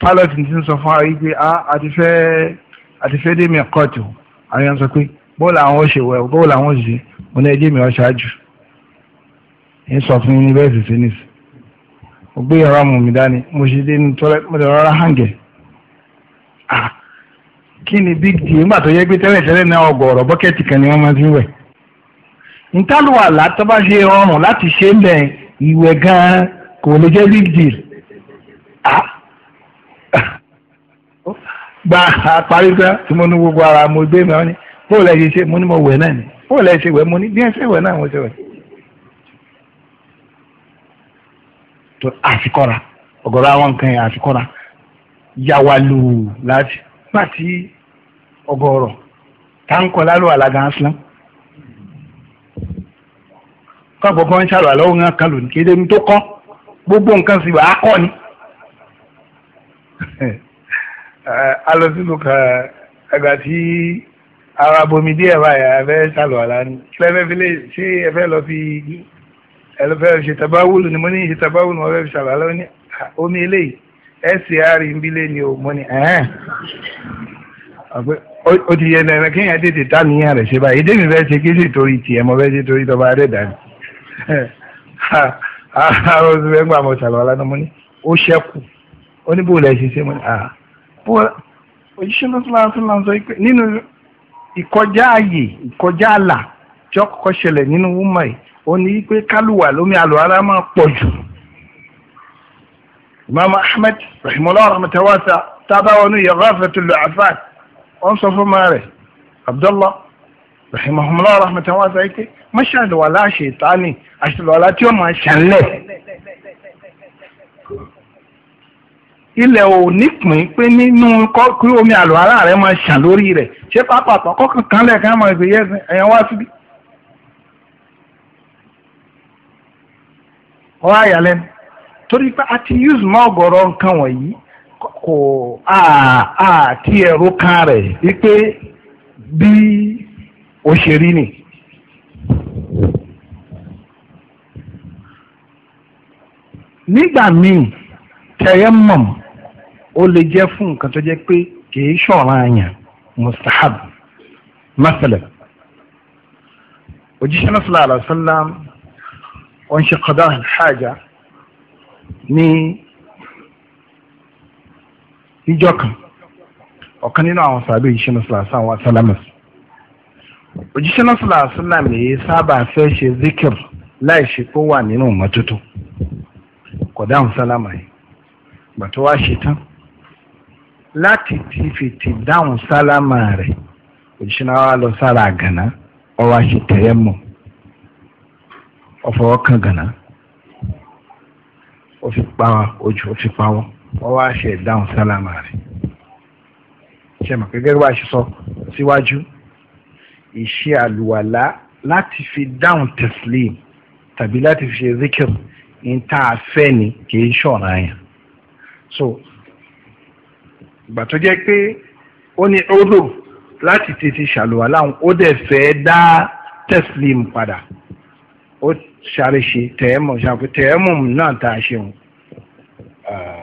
S1: pilot ti ń sọ fún wa wípé ah, a ti fẹ́ a ti fẹ́ dé mi kọ́ọ̀tù àwọn yẹn sọ pé bóòlù àwọn ò ṣe wẹ̀ bóòlù àwọn ò ṣe mo ní ẹjẹ́ mi ọ̀ ṣáájú ń sọ fún yunifásitì sinis mo gbé ìrọ̀rùn mi dání mo ṣe dé ní tọ́lẹ̀ mo lè rọra hàǹgẹ̀ ah, kí ni big deal nígbà tó yẹ pé tẹ́lẹ̀ tẹ́lẹ̀ náà ọgọ̀ọ̀rọ̀ bọ́kẹ́tì kan ni wọ́n máa fi wẹ̀. ntálùwàlá tó bá ṣe rọrùn láti ṣe lẹ̀ ìwẹ̀ gan-an kò lè jẹ́ big deal. gba àparí tán tí mo ní gbogbo ara mo gbé mi wọn ni bóò lẹ́ ṣe ṣe mo ní mo wẹ̀ náà ni bóò lẹ́ ṣe wẹ̀ mo ní bí ẹ ṣe wẹ̀ náà mo ṣe wẹ̀. tó àfikọ́ra ọ̀gọ̀rọ̀ àwọn nǹkan yẹn àfikọ́ra yà wá lù láti ọgọ́rọ̀ táǹkọ̀ lálù àlàgà aslam kọ́pọ̀ kan ṣàlọ́ àlọ́ òun kan lòdì kéde ní tó kọ́ gbogbo nǹkan sì wà á kọ́ ni. alọ́sílù kan ẹgbà tí ara bomi díẹ̀ báyìí abẹ́ ṣàlọ́ àlá ni kílẹ̀fẹ́ fi lè ṣé ẹ fẹ́ lọ fi ẹ lọ fẹ́ ṣe tabawulu ni mo ní ṣe tabawulu ni mo fẹ́ fi ṣàlọ́ àlọ́ ní omi eléyìí ẹ̀ sì á rí nbílẹ̀ ni o mo ní ó ti yẹ dandan kéèyàn tètè tá níyàn rẹ̀ ṣe báyìí èdè mi fẹ́ ṣe kí sì torí tiẹ̀ mo fẹ́ ṣe torí tọba adẹ́dà ni àwọn oṣù fẹ́ gbà mo ṣàlọ́ ọ̀la náà mo ní ó ṣẹ́kù ó ní bóòlù ẹ̀ ṣe ṣe mo ní àá bóòlù òjíṣẹ́ lọ́sọ̀lá tó lọ́n sọ pé nínú ìkọjá ààyè ìkọjá àlà tí ó kọ́kọ́ ṣẹlẹ̀ nínú wúmọ̀ yìí ó ní pé kálùwà lómi àlùwàlá máa pọ̀ jù Imam Ahmed rahimahullah rahmatawasa tábà wọnú yẹ Ghafratul Afat wọ́n sọ fún ma rẹ̀ abdullah rahimahumullah rahmatan wa sọ pé má ṣàlùwàlá ṣètánì àṣìlùwàlá tí ó máa ṣàlẹ̀ ilẹ̀ ò nípìn pé nínú kí omi àlùwàlá rẹ̀ máa ṣàn lórí rẹ̀ ṣé pápákọ̀ kọ́kàn kan lẹ́ẹ̀kan máa gbé yẹ́ ẹ̀yàn wá síbi. ọ̀rọ̀ àyàlẹ́nu torí pé a ti use mọ́ ọ̀gọ̀rọ̀ nǹkan wọ̀nyí kò àti ẹ̀rù kan rẹ̀ wípé bí ó ṣe rí nì. nígbà míì tayammum ó lè jẹ́ fún nǹkan tó jẹ́ pé kìí ṣọ̀ràn àyàn mustahab masalan òjíṣẹ́ náà sallallahu alaihi wasallam ó ń ṣe ní níjọ́ kan ọ̀kan nínú àwọn sàbẹ̀ òjíṣẹ́ náà sàlàsà àwọn asálámàs òjíṣẹ́ náà sàlàsà náà lè sábà fẹ́ ṣe zikir láì ṣe pé ó wà nínú mọ́tótó kò dáhùn sálámà yìí ìgbà tó wá ṣe tán láti ti fìtì dáhùn sálámà rẹ̀ òjíṣẹ́ náà wá lọ sára àgànná ó wá ṣe tẹ̀yẹ́ mọ́ ọ̀fọ̀ ọkàn ó fi pa ojú ó fi pa wọ́n wọ́n wá ṣe ìdáhùn sálámà rẹ̀ ṣe mọ̀ gẹ́gẹ́ bá ṣe sọ síwájú ìṣe àlùwàlá láti fi dáhùn tẹ̀sílìm tàbí láti fi ṣe zikir ní tá a fẹ́ ni kì í ṣọ̀ra yẹn so ìgbà tó jẹ́ pé ó ní odò láti tètè ṣàlùwàlá òun ó dẹ̀ fẹ́ dá tẹ̀sílìm padà ó ṣàrẹ̀ṣe tẹ̀ẹ́mù ṣàfihàn tẹ̀ẹ́mù náà tá a ṣe òun. Ah,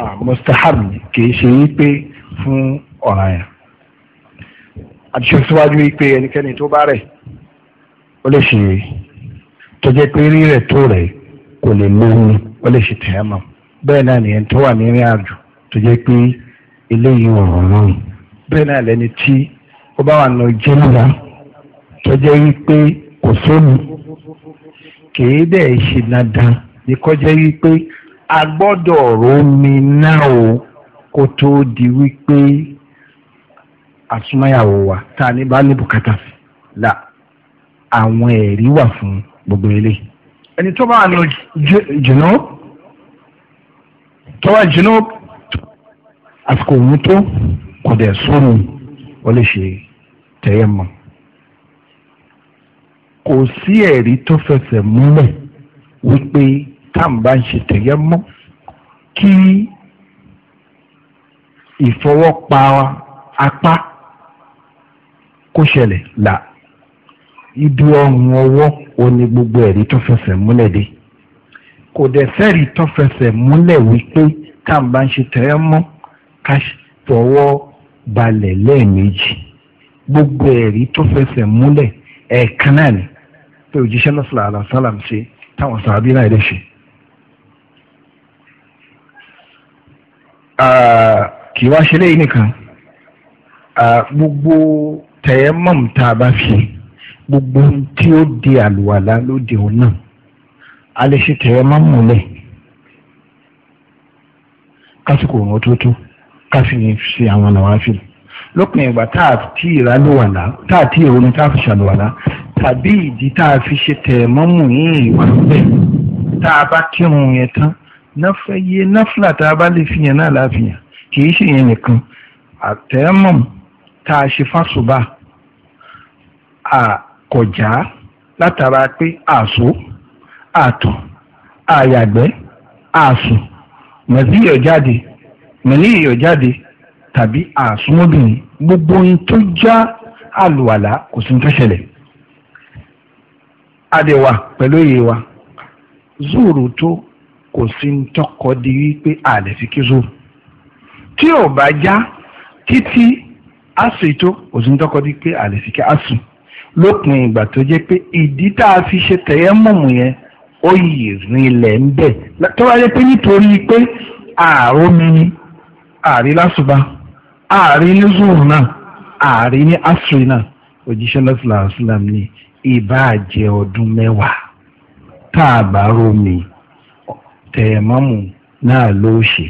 S1: Ah, mustahab kì í ṣe wípé fún ọ̀ràn yẹn àtúnṣe síwájú wípé ẹnikẹ́ni tó bá rẹ̀ ó lè ṣe tó jẹ́ pé rírẹ̀ tó rẹ̀ kò lè lómi ó lè ṣe tẹ̀ ẹ́ mọ́ bẹ́ẹ̀ náà nìyẹn tó wà ní ìrìn àjò tó jẹ́ pé eléyìí ọ̀rọ̀ lóyún bẹ́ẹ̀ náà lẹni tí ó bá wà nù jẹ́lúra tó jẹ́ wípé kò sómi kì í dẹ̀ ṣe dandan ní kọjá wípé a gbọ́dọ̀ romi náà o kó tó di wípé àsúmáyàwó wa tá a bá ní bùkátà sí la àwọn ẹ̀rí wà fún gbogbo eléyìí. ẹni tó bá wà ní jùnú tó wà jùnú àsìkò òun tó kò dẹ̀ sómi ó lè ṣe tẹ̀yẹ̀ mọ́ kò sí ẹ̀rí tó fẹsẹ̀ múlẹ̀ wípé táǹbà ń ṣe tẹ̀yẹ́ mọ́ kí ìfọwọ́pa apá kó ṣẹlẹ̀ là ibi ọrùn ọwọ́ o ní gbogbo ẹ̀rí tó fẹsẹ̀ múlẹ̀ dé kò dẹ̀ sẹ́rí tó fẹsẹ̀ múlẹ̀ wípé táǹbà ń ṣe tẹ̀yẹ́ mọ́ ká fọwọ́ balẹ̀ lẹ́ẹ̀mejì gbogbo ẹ̀rí tó fẹsẹ̀ múlẹ̀ ẹ̀ẹ̀kan náà ni pé òjíṣẹ́ lọ́sọ̀lá àlàsálàm ṣe táwọn sàbí náà rẹ̀ ṣe. kì í wá ṣe léyìí nìkan gbogbo tẹ̀yẹ́mọ̀m tá a bá fi gbogbo tí ó di àlùwàlá lóde òun náà a lè ṣe tẹ̀yẹ́mọ̀m múlẹ̀ kásìkò òun tó tó káfíń ṣe àwọn làwọn àfihàn lópin ìgbà tá a ti ìrànlọ́wàlá tá a ti ìròyìn tá a fi ṣàlùwàlá tàbí ìdí tá a fi ṣe tẹ̀mọ́mù yín ìwà bẹ́ẹ̀ tá a bá kírun yẹn tán iye náfìlà tá a bá lè fi yàn náà láàfihàn kì í ṣe yẹn nìkan àtẹ́mọ̀ tá a ṣe fásùbà àkọjá látara pé àṣó àtọ̀ àyàgbẹ́ àṣù mẹ̀síyọ̀ jáde mẹ̀líyọ̀ jáde tàbí àṣùmọ́bìnrin gbogbo ohun tó já àlùwàlà kò sí tó ṣẹlẹ̀ adẹ̀wà pẹ̀lú èyí wa zúùrù tó kò sí ń tọkọ di wípé àlè fi kí zoro tí ò bá já títí àsè tó kò sí ń tọkọ di pé àlè fi kí àsùn lópin ìgbà tó jẹ́ pé ìdí tá a fi ṣe tẹ̀yẹ́ mọ̀mù yẹn ó yìí rinlẹ̀ ń bẹ̀ tó bá pé nítorí pé ààrò mi ni ààrí lásùbà ààrí ní zoro náà ààrí ní àsùn náà òjíṣẹ́ lọ́sùlà àsùlàm ni ìbáà ọdún mẹ́wàá tá a bá rò mí tẹ̀ẹ̀mọ́mù náà ló ṣe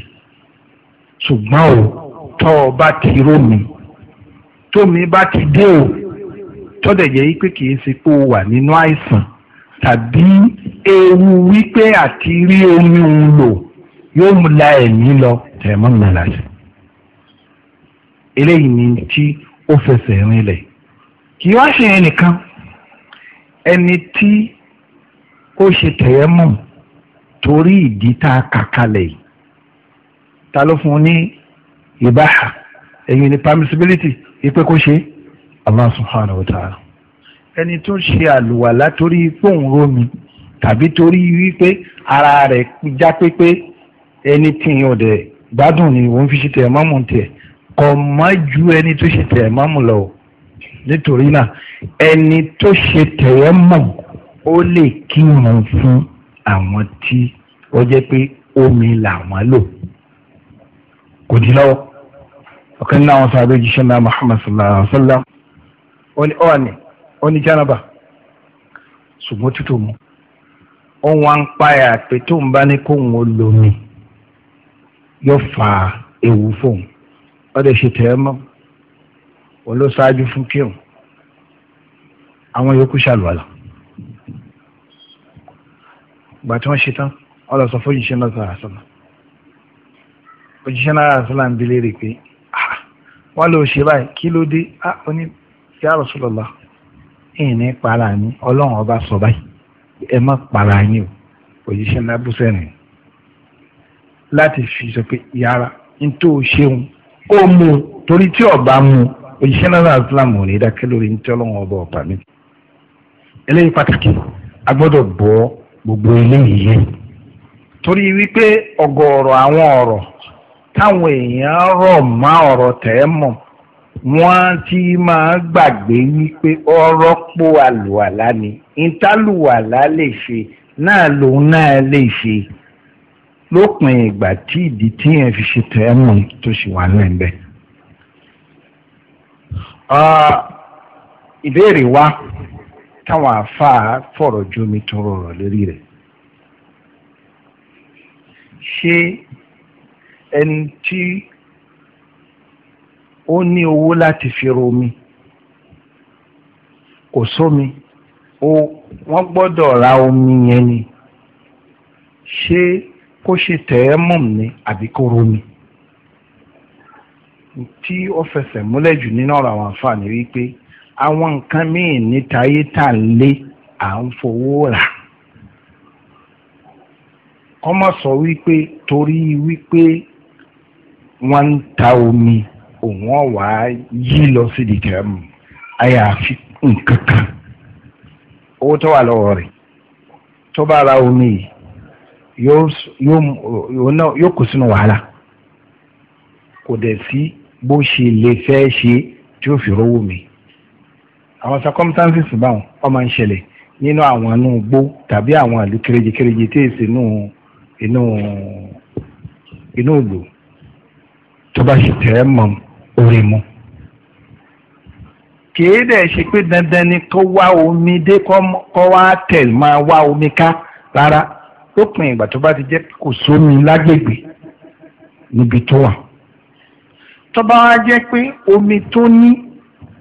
S1: ṣùgbọ́n o tọ́ ọ bá ti rómi tómi bá ti dé o tọ́dẹ̀ jẹ́ wípé kì í ṣe pé o wà nínú àìsàn tàbí ewu wípé àti rí omi òun lò yóò mú la ẹ̀mí lọ tẹ̀ẹ̀mọ́mù náà láti eléyìí ni tí ó fẹsẹ̀ rinlẹ̀ kì í wá ṣe ẹnìkan ẹni tí ó ṣe tẹ̀yẹ́mọ̀mù torí ìdí tá a kà kalẹ̀ yìí ta ló fún un ní ìbáhà ẹ̀yìn ní permissibility ìpè kó ṣe Allah subhanahu wa ta'ala ẹni tó ṣe àlùwàlá torí pòun rómi tàbí torí wípé ara rẹ̀ já pépé ẹni tí ń ọ̀dẹ̀ gbádùn ni òun fi ṣe tẹ̀ mọ́mù tiẹ̀ kò má ju ẹni tó ṣe tẹ̀ mọ́mù lọ o nítorí náà ẹni tó ṣe tẹ̀ mọ́ ó lè kírun fún àwọn tí wọ́n jẹ́ pé omi làwọn lò kò dín lọ́wọ́ ọ̀kan nínú àwọn sábẹ́ jíṣẹ́ náà Muhammad sallallahu alayhi wa sallam ó ní ọ̀ọ́nì ó ní jánaba ṣùgbọ́n tútù mu òun wá ń páyà pé tóun bá ní kóun ó lomi yóò fa ewu fóun ọ̀dẹ̀ ṣe tẹ̀ ẹ́ mọ́ òun ló ṣáájú fún kírun àwọn yòókù ṣàlùwàlà ìgbà tí wọ́n ṣe tán ọlọ́ sọ fún òjíṣẹ́ náà sọ̀rọ̀ sọ̀rọ̀ òjíṣẹ́ náà sọ̀rọ̀ ń bilé rè pé ah, wọ́n lọ ṣe báyìí kí ló dé ah, ó ní ya Rasulullah ẹ̀yìn ní para ni ọlọ́run ọba sọ báyìí ẹ má para ni o òjíṣẹ́ náà bú sẹ́rìn láti fi sọ pé yàrá n tó ṣeun ó mu torí tí ọba mu òjíṣẹ́ náà sọ̀rọ̀ mọ̀ ní dákẹ́ lórí ní tí ọlọ́run ọba ọ̀pá mi eléyìí pàtàkì a gbọ́dọ̀ bọ́ ọ́ gbogbo eléyìí yé torí wípé ọ̀gọ̀ọ̀rọ̀ àwọn ọrọ táwọn èèyàn rọ̀ ọrọ ọ̀rọ̀ tẹ́ mọ̀ wọ́n ti máa gbàgbé wípé ọ̀rọ̀ pọ̀ àlùwàlá ni ìtàlùwàlá lè ṣe náà lòun náà lè ṣe lópin ìgbà tí ìdí tí yẹn fi ṣe tẹ́ tó wà ah, ìbéèrè wa. táwọn àáfàá fọ̀rọ̀ jomi tọrọ ọ̀rọ̀ lórí rẹ̀ ṣé ẹni tí ó ní owó láti fi romi kò sómi wọ́n gbọ́dọ̀ ra omi yẹn ni ṣé kó ṣe tẹ̀ẹ́mùm ni àbí kó romi tí ó fẹsẹ̀ múlẹ̀ jù nínú ọ̀rọ̀ àwọn àǹfààní wípé àwọn nǹkan míì níta ayé tà ń lé à ń fowó rà kọ́mọ sọ wípé torí wípé wọ́n ń ta omi òun ọ̀wá yí lọ sí ìdìtẹ̀ mu àyàfi nǹkan kan owó tó wà lọ́wọ́ rẹ̀ tó bá ra omi yìí yóò kó sínú wàhálà kò dẹ̀ sí bó ṣe lè fẹ́ ṣe tí ó fi rówó mi àwọn circumstances báwọn ọmọ ń ṣẹlẹ̀ nínú àwọn inú gbó tàbí àwọn ìlú kéréje-kéréje tí èsì inú inú inú ògbò tó bá ṣe tẹ̀ ẹ́ mọ́ orí mu. kìí dẹ̀ ṣe pé dandan ni kó wá omi dé kó wá tẹ̀ máa wá omi ká rárá lópin ìgbà tó bá ti jẹ́ kò sómi lágbègbè níbi tó wà. tó bá wá jẹ́ pé omi tó ní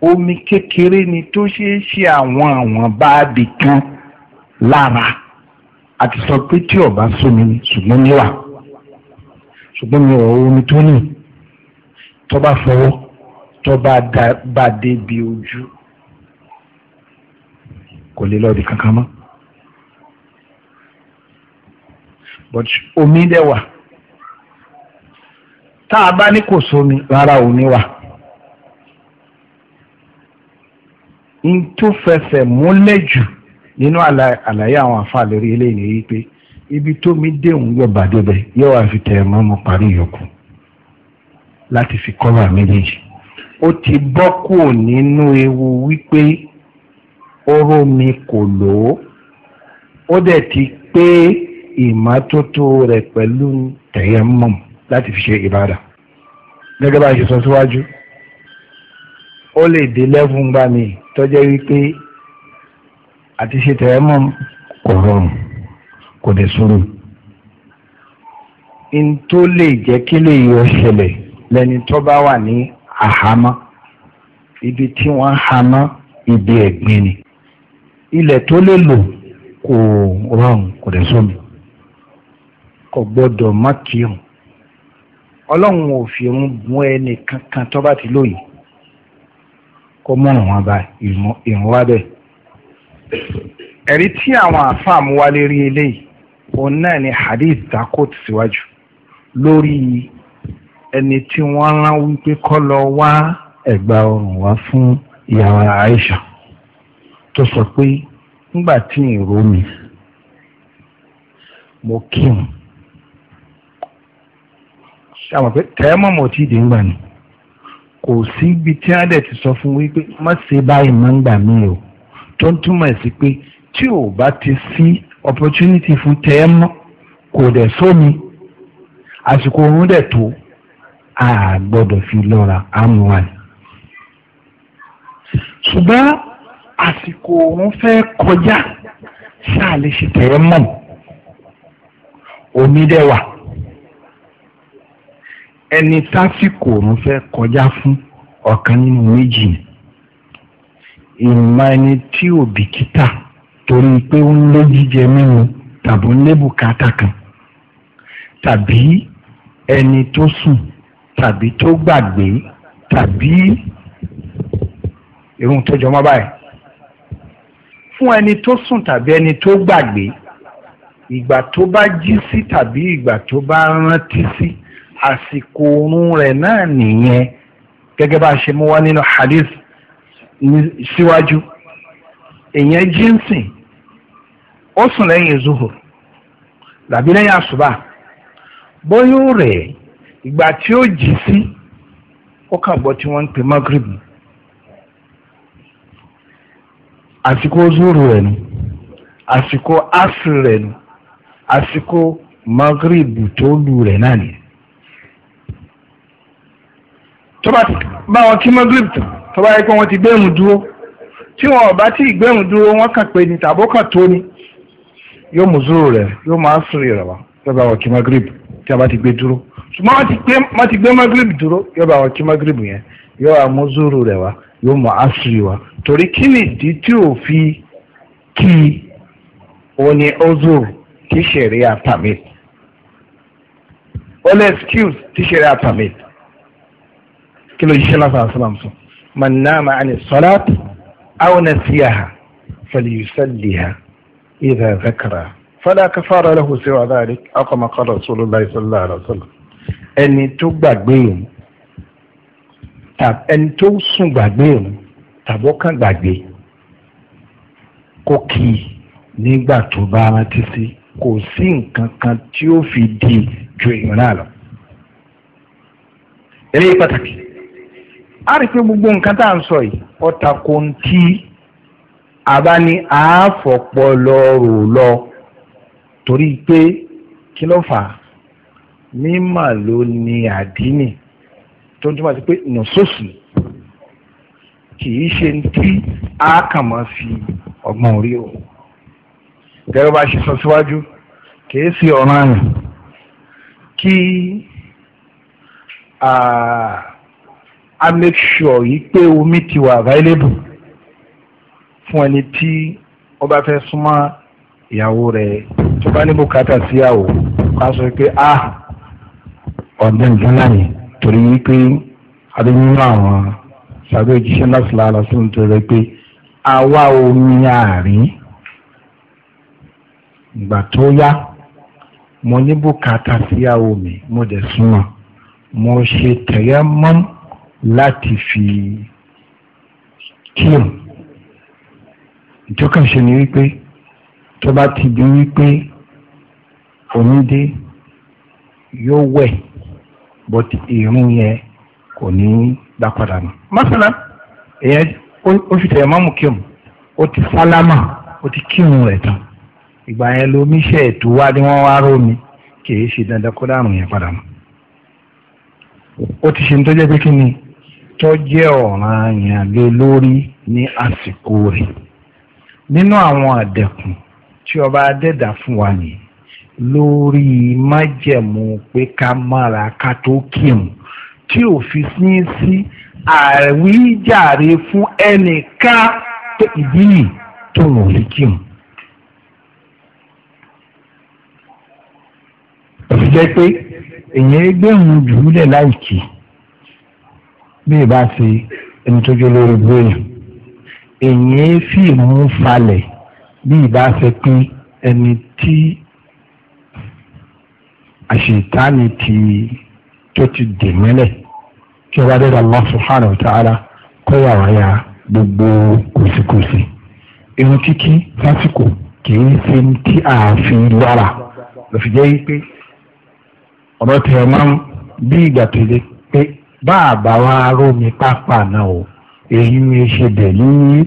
S1: omi kékeré ni tó ṣeé ṣe àwọn àwọn báàbì kan lára àti sọ pé tí ọba sómi ni ṣùgbọ́n mi wà ṣùgbọ́n mi ò omi tó nì tó bá fọwọ́ tó bá dé bi ojú kò lè lọ́ọ̀dì kankan mọ́ but omi dẹ̀ wà tá a bá ní kò sómi rárá omi wà. n tó fẹsẹ̀ múlẹ̀ jù nínú àlàyé àwọn afáàlérí eléyìí ni wípé ibi tó mi déhùn yóò bá débẹ̀ yóò wá fi tẹ̀ ẹ́ mọ́ mo parí ìyókù láti fi kọ́ra méjèèjì ó ti bọ́ kúrò nínú ewu wípé oró mi kò lò ó ó dẹ̀ ti pé ìmọ́tótó rẹ̀ pẹ̀lú tẹ̀yẹ́mọ̀m láti fi ṣe ìbádà gẹ́gẹ́ bá a ṣe sọ síwájú. So ó lè dé lẹ́fún gbà mí tọ́jẹ́ wípé àti ṣe tẹ̀ ẹ́ mọ́ kò rọrùn kò dẹ̀ sóró. n tó lè jẹ́ kí lè yọ ṣẹlẹ̀ lẹ́ni tó bá wà ní àhámọ́ ibi tí wọ́n hámọ́ ibi ẹ̀gbin ni ilẹ̀ tó lè lò kò rọrùn kò dẹ̀ sómi kò gbọ́dọ̀ má kírun ọlọ́run ò fi irun bún ẹnì kankan tó bá ti lóyìn ó mọ̀ràn wọn bá ìrún ẹ̀rí tí àwọn àfáà wálé rí eléyìí òun náà ni hadith dakot síwájú lórí ẹni tí wọ́n rán wípé lọ wá ẹ̀gbà ọrùn wá fún ìyàwó Aisha tó sọ pé nígbà tí ìró mi mo kírun ni. kò sí ibi tí adẹ ti sọ fún wípé má ṣe báyìí má ń gbà mí o tó ń túmọ̀ sí pé tí ò bá ti sí opportunity fún tẹ́ ẹ mọ́ kò dẹ̀ sómi àsìkò òun dẹ̀ tó a gbọ́dọ̀ fi lọ́ra amúhàn. ṣùgbọ́n àsìkò òun fẹ́ kọjá ṣáà lè ṣe tẹ́ ẹ mọ́ omi dẹ̀ wà ẹni tásìkò òun fẹ́ kọjá fún ọ̀kan nínú méjì ìmọ̀ ẹni tí ò bìkítà torí pé ó ń lé jíjẹ mímu tàbí ó ń lé bùkátà kan tàbí ẹni tó sùn tàbí tó gbàgbé tàbí irun tó jọmọ́ báyìí fún ẹni tó sùn tàbí ẹni tó gbàgbé ìgbà tó bá jí sí tàbí ìgbà tó bá rántí sí. Si àsìkò oorun rẹ náà nìyẹn gẹgẹ bá a ṣe mú wá nínú hadith síwájú èèyàn jíǹsìn ó sùn lẹ́yìn zuhur tàbí lẹ́yìn àṣùbà bóyá ó rẹ̀ ìgbà tí ó jí sí ó kàn gbọ́ tí wọ́n ń pè magrib àsìkò zuhur rẹ̀ ni àsìkò asr rẹ̀ ni àsìkò magrib tó lu rẹ náà nìyẹn. tó bá bá wọn kí magrib tán tó bá yẹ pé wọ́n ti gbẹ̀mù dúró tí wọn ò tí ì dúró wọ́n kàn pé ní tàbó kàn tó ni yóò mú zoro rẹ̀ yóò máa sùn rẹ̀ wá yóò bá wọn kí magrib tí a bá ti gbé dúró ṣùgbọ́n wọ́n ti gbé magrib dúró yóò bá wọn kí magrib yẹn yóò wá mú zoro rẹ̀ wá yóò mú asiri wá torí kí ni ìdí tí ò fi kí òun ni ó zoro kí ṣẹ̀rí àpàmì ó lè excuse tí ṣẹ̀rí àpàmì kí ló yíṣẹ́ lásán àṣàlám sọ man nama ani salat aw nasiyaha falyusalliha idha zakara fala kafara lahu siwa dhalik akama qala rasulullah sallallahu alaihi wasallam ẹni tó gbàgbé yìí ẹni tó sùn gbàgbé yìí tàbó kan gbàgbé kó kì í nígbà tó bá rántí sí kò sí nǹkan kan tí ó fi di ju ìran lọ. eléyìí pàtàkì a rí i pé gbogbo nǹkan tá à ń sọ yìí ọ̀tà kò ń tí abáni àáfọ̀pọ̀ lọ rò lọ torí pé kí ló fà á mímà ló ní àdínì tó ń túmọ̀ sí pé nùsọ́sì kì í ṣe tí a kàn máa fi ọgbọ́n orí o gẹ́gẹ́ bá ṣe sọ síwájú kì í sí ọ̀ràn àyàn kí á make sure yìí pé omi ti wà available fún ẹni tí ó bá fẹ́ súnmọ́ ìyàwó rẹ̀ tó bá ní bùkátà síyàwó ká sọ pé a ah, ọ̀dẹ̀ nǹkan náà yìí torí wípé adé nínú àwọn sàbẹ̀ òjíṣẹ́ náà sì lára sí nítorí rẹ̀ pé àwa omi àárín ìgbà tó yá mo ní bùkátà síyàwó mi mo dẹ̀ súnmọ́ mo ṣe tẹ̀yẹ́ mọ́ láti fi kírun ìtọ́kàn ṣe ni wípé tó bá ti di wípé onídé yóò wẹ̀ but irun yẹn kò ní dá padà nù. mọ́sálà ẹ̀yẹ ó fi tẹ̀yẹ̀ mọ́mù kírun ó ti sálámà ó ti kírun rẹ̀ tán ìgbà yẹn lomi iṣẹ́ ètò wá ní wọ́n wá rómi kì í ṣe dandan kó dàrún yẹn padà nù. ó ti ṣe ní tó jẹ́ pé kí ni tọ́jẹ́ ọ̀ranyàn lé lórí ní àsìkò rẹ̀ nínú àwọn àdẹ̀kùn tí ọba adẹ́dà fún wa nìyí lórí májẹ̀mú pé ká mára ká tó kírun tí ò fi sí sí àwíjàre fún ẹnìkan pé ìdí tó rò lè kírun. òfin pé èèyàn ẹgbẹ́ òun jù ú lẹ̀ láìkí bí ìbá ṣe ẹni tó jẹ́ lórí bóyá èyí sì mú falẹ̀ bí ìbá ṣe pín ẹni tí àṣetáni ti tó ti dè mẹ́lẹ̀ kí ọba dẹ́rẹ́ Allah subhanahu wa ta'ala kó yà wáyà
S2: gbogbo kùsìkùsì
S1: irun kíkí lásìkò kì í ṣe tí ààfin lọ́ra lọ́fíjẹ́ yìí pé ọ̀rọ̀ tẹ̀ ọ́ máa ń bí ìgbà tó lé bá a bá wa rómi pápá náà o èyí ń ṣe dẹ̀lí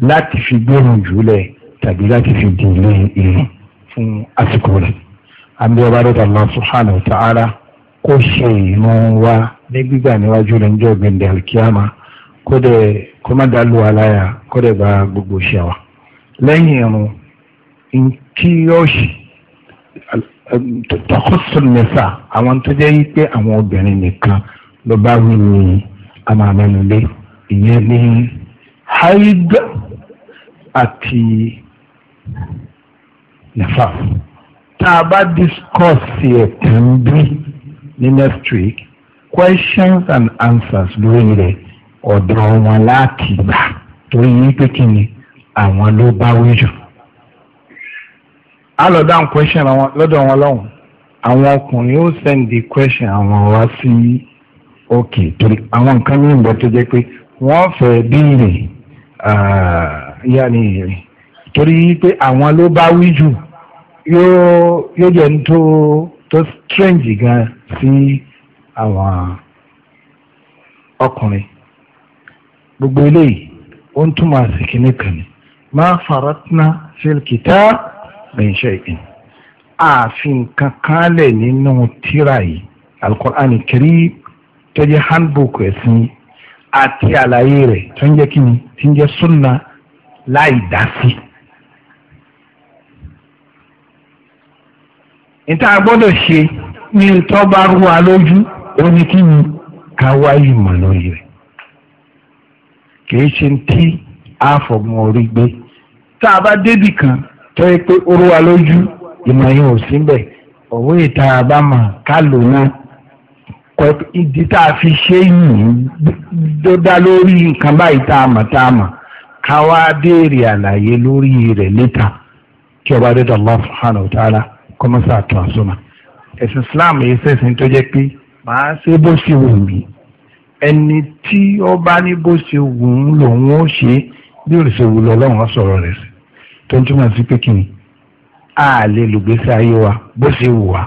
S1: láti fi gbẹ̀rùn jùlẹ̀ tàbí láti fi dìlé ìrìn fún àsìkò rẹ̀. àmì ọba rẹ̀ Allah subhanahu wa ta'ala kó ṣe ìran wa ní gbígbà níwájú rẹ̀ níjọ́ gbẹ̀ndẹ̀ alikiyama kó dẹ̀ kó má dàlú aláya kó dẹ̀ bá gbogbo ṣe wa. lẹ́yìn irun nkí yóò ṣe tọkọsọ nìsa àwọn tó jẹ́ yí pé àwọn obìnrin nìkan ló bá wí ni a máa mẹ́nu lé ìyẹn ní haid àti nafa tá a bá discuss ẹ̀ tán bí ní next week questions and answers lórí rẹ̀ ọ̀dọ̀ wọn láti gbà torí yín pé kí ni àwọn ló bá wí jù. a lọ dáhùn question lọ́dọ̀ wọn lọ́hùn àwọn ọkùnrin ó send the question àwọn wá sí. Si ok torí àwọn nǹkan ní ìgbà tó jẹ́ pé wọ́n fẹ́ bíìrì ah, yáni ìrìn torí pé àwọn ló bá wí jù yóò yóò jẹ́ ní tó tó strange gan sí àwọn ọkùnrin gbogbo eléyìí ó ń túmọ̀ àsìkíní kan ni máa faratna fil kitab min shay'in ààfin kankan lẹ̀ nínú tíra yìí al-Qur'an al-Karim tó jẹ́ handbook ẹ̀sìn àti àlàyé rẹ̀ tó ń jẹ́ kí ni tí ń jẹ́ súnà láì dá sí. níta gbọ́dọ̀ ṣe ní ntọ́ bá rú wa lójú ó ní kí ni ká wá ìmọ̀ lórí rẹ̀ kìí ṣe tí àfọ̀mọ́ orí gbé tá a bá débì kan tó yẹ pé ó rú wa lójú ìmọ̀ yẹn ò síbẹ̀ òwe ìta àbámọ̀ ká lò náà ìdí tá a fi ṣe yìí tó dá lórí nǹkan báyìí tá a mọ̀ tá a mọ̀ ká wá béèrè àlàyé lórí rẹ̀ níta kí ọba dẹ́dọ̀ Allah subhanahu wa ta'ala kọ́mọ́sá tó àsomà. ẹ̀sìn Islam yìí sẹ́sìn tó jẹ́ pé màá ṣe bó ṣe wù mí ẹni tí ó bá ní bó ṣe wù ú lòun ó ṣe bí òrìṣà wù lọ́lọ́run á sọ̀rọ̀ rẹ̀ sí tó ń túmọ̀ sí pé kí a lè lùgbésí ayé wa bó ṣe wù wá.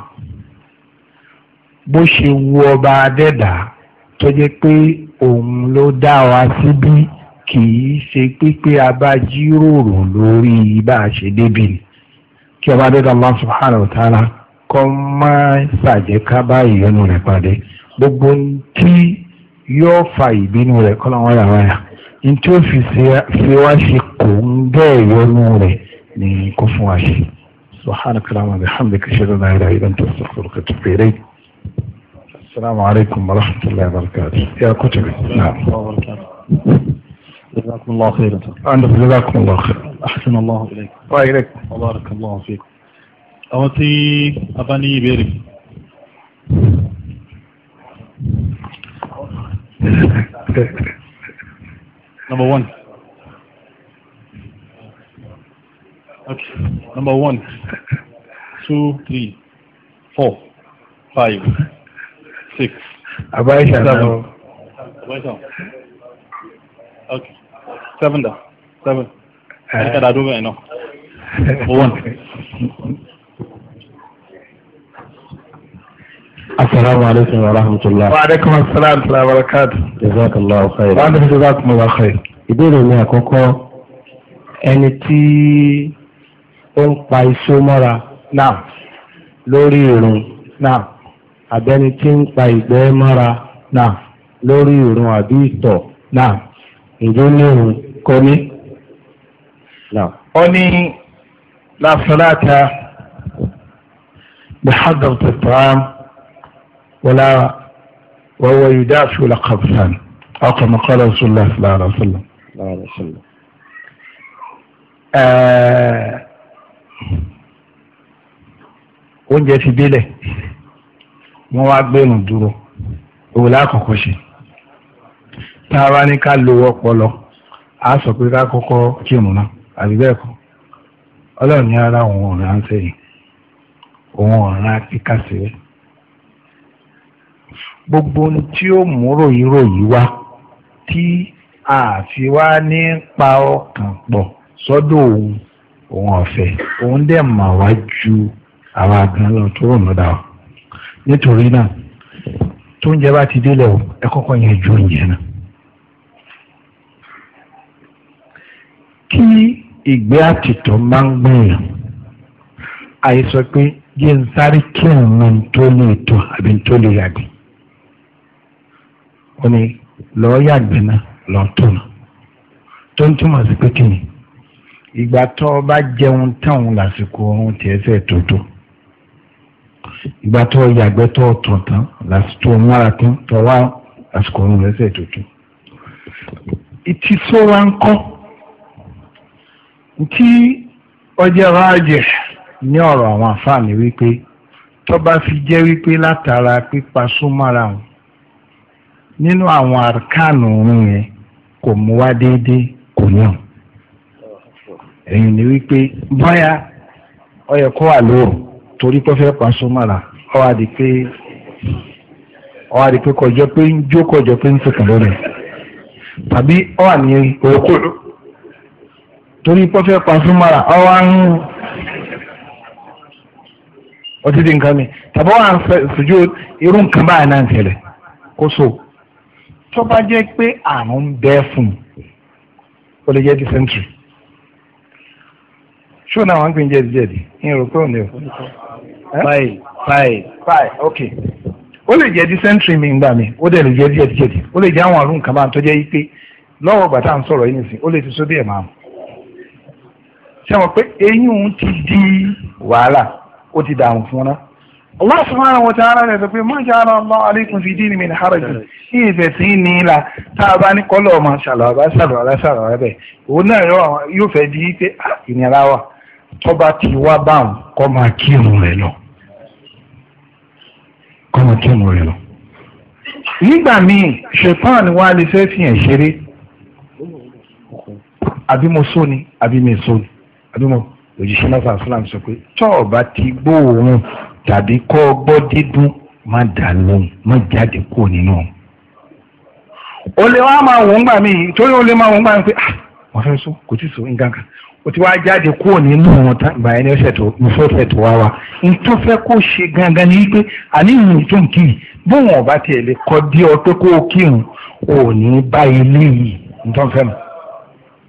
S1: bó ṣe wu ọba adẹ́dà tó jẹ́ pé òun ló dá wa síbí kì í ṣe pípé a bá jíròrò lórí bá a ṣe débi ni kí ọba adẹ́dà Allah subhanahu wa ta'ala kọ́ máa ká báyìí yọnu rẹ̀ pàdé gbogbo tí yóò fa ìbínú rẹ̀ kọ́ làwọn yàrá yà ó fi wá ṣe kò ń rẹ̀ ni kó fún wa ṣe
S2: السلام عليكم ورحمة الله وبركاته يا كتبي نعم جزاكم الله خيرا جزاكم الله خيرا أحسن الله إليك وإليك بارك الله فيك أوتي أباني بيري نمبر ní ìbéèrè. number one. okay number one two three four five. six. Abaisha seven. Now. Abaisha. Okay. Seven da. Seven. Uh, eh. Kada duba ina. One.
S1: السلام عليكم ورحمة الله. وعليكم السلام ورحمة الله وبركاته. جزاك الله خير. وأنت جزاكم الله خير. ìbéèrè mi àkọ́kọ́ ẹni tí ó ń pa iṣó mọ́ra náà lórí irun náà abẹ́ni tí ń pa ìgbẹ́ mọ́ra náà lórí ìrun àbí ìtọ̀ náà ǹjẹ́ ní òun kọ́ ní. ó ní láfúráta bíhádọ̀ tẹ̀tàm wọlá wọ́wọ́ yìdáṣu làkàbùsàn ọkọ̀ mọ̀kọ́lá ṣùlá ṣùlá ṣùlá. oúnjẹ ti délẹ̀ wọ́n wá gbẹ̀rùn dúró òun lákọ̀ọ́kọ́ ṣe tá a bá ní ká lo ọpọlọ a sọ pé ká kọ́kọ́ kírun náà àbí bẹ́ẹ̀ kọ́ ọlọ́run ní ara òun ọ̀ràn á sẹ́yìn òun ọ̀ràn á kíkà gbogbo ohun tí ó mú ròyìn ròyìn wá tí àfi wá ní pa ọkàn pọ̀ sọ́dọ̀ òun òun ọ̀fẹ́ òun dẹ̀ mà wá ju àwa gan lọ tó rò lọ́dà wa nítorí náà tó ń jẹ bá ti délẹ̀ o ẹ kọ́kọ́ yẹn ju ìyẹn náà. kí ìgbé àtìtọ́ máa ń gbìyàn àìsọ pé jẹ́ ń sáré kí àwọn tó lè tó àbí tó lè yàgbẹ́ ó ní lọ́ọ́ yàgbẹ́ náà lọ́ọ́ tó náà tó ń túmọ̀ sí pé kí ni ìgbà tó o bá jẹun táwọn lásìkò oorun tiẹ̀ tó tó ìgbà tó yàgbẹ́ tó tọ̀ tán lásìkò múra tán tó wá àsìkò ọ̀run lẹ́sẹ̀ tuntun. ìtì sọ wa ń kọ́ tí ọjọ́ ráàjẹ̀ ní ọ̀rọ̀ àwọn àfààní wípé tó bá fi jẹ́ wípé látara pípa súnmọ́ra wọn nínú àwọn àrkánù òun yẹn kò mú wá déédéé kò yàn èyí ni wípé bóyá ó kó wà lóòrùn torí pé fẹ́ paṣọ mọ́ra ọ wá di pé ọ wá di pé kọjọ pé ń jó kọjọ pé ń sèkàn tàbí ọ wà ní òkú torí pé fẹ́ paṣọ mọ́ra ọ wá ń di nǹkan mi tàbí ọ wà ń sojú irú nǹkan báyìí náà ń ṣẹlẹ̀ kó so tó jẹ́ pé àrùn ń bẹ́ fún o lè Eh? five five. five okay. ó lè jẹ́ dysentery mi ngbà mi ó dẹ̀ lè jẹ́ díẹ̀díẹ̀dì ó lè jẹ́ àwọn àrùn kan bá ń tọ́jẹ́ yìí pé lọ́wọ́ bàtà ń sọ̀rọ̀ yìí nìsín ti sódì ẹ̀ máa mú. ṣé wọn pé eyín ti di wàhálà o ti dààmú fún wọn. Allah subhanahu wa ta'ala rẹ̀ sọ pé jẹ́ ara Allah alaykum fi dín mi ní harajù ní ìfẹ́ sí ní ìlà tá a bá ní kọ́lọ̀ ọmọ òun náà yóò fẹ́ di pé ah, ìnira wà tọ́ba kọ́mọ kí mo rẹ̀ lọ. nígbà míì ṣètọ́ọ̀nì wa lè fẹ́ fi hàn ṣeré àbí mo só ni àbí mi só ni àbí mo òjíṣẹ́ náà sàfúlà sọ pé tọ́ọ̀bá ti gbóòórùn tàbí kọ́ ọgbọ́ dídún má dà lóhùn má jáde kúrò nínú ọ̀hún. o lè máa wò ń gbà mí torí o lè máa wò ń gbà mí pé ah wọ́n fẹ́ sọ kò tí ì sọ nǹkan kan o ti wá jáde kúrò nínú wọn tán ìgbà yẹn ní ọ̀sẹ̀ tó wá wa nítorí fẹ́ kó ṣe gangan ni wípé àníyàn tó ń kírun bóun ọba tiẹ̀ lè kọ́ bí ọ pé kó o kírun ò ní bá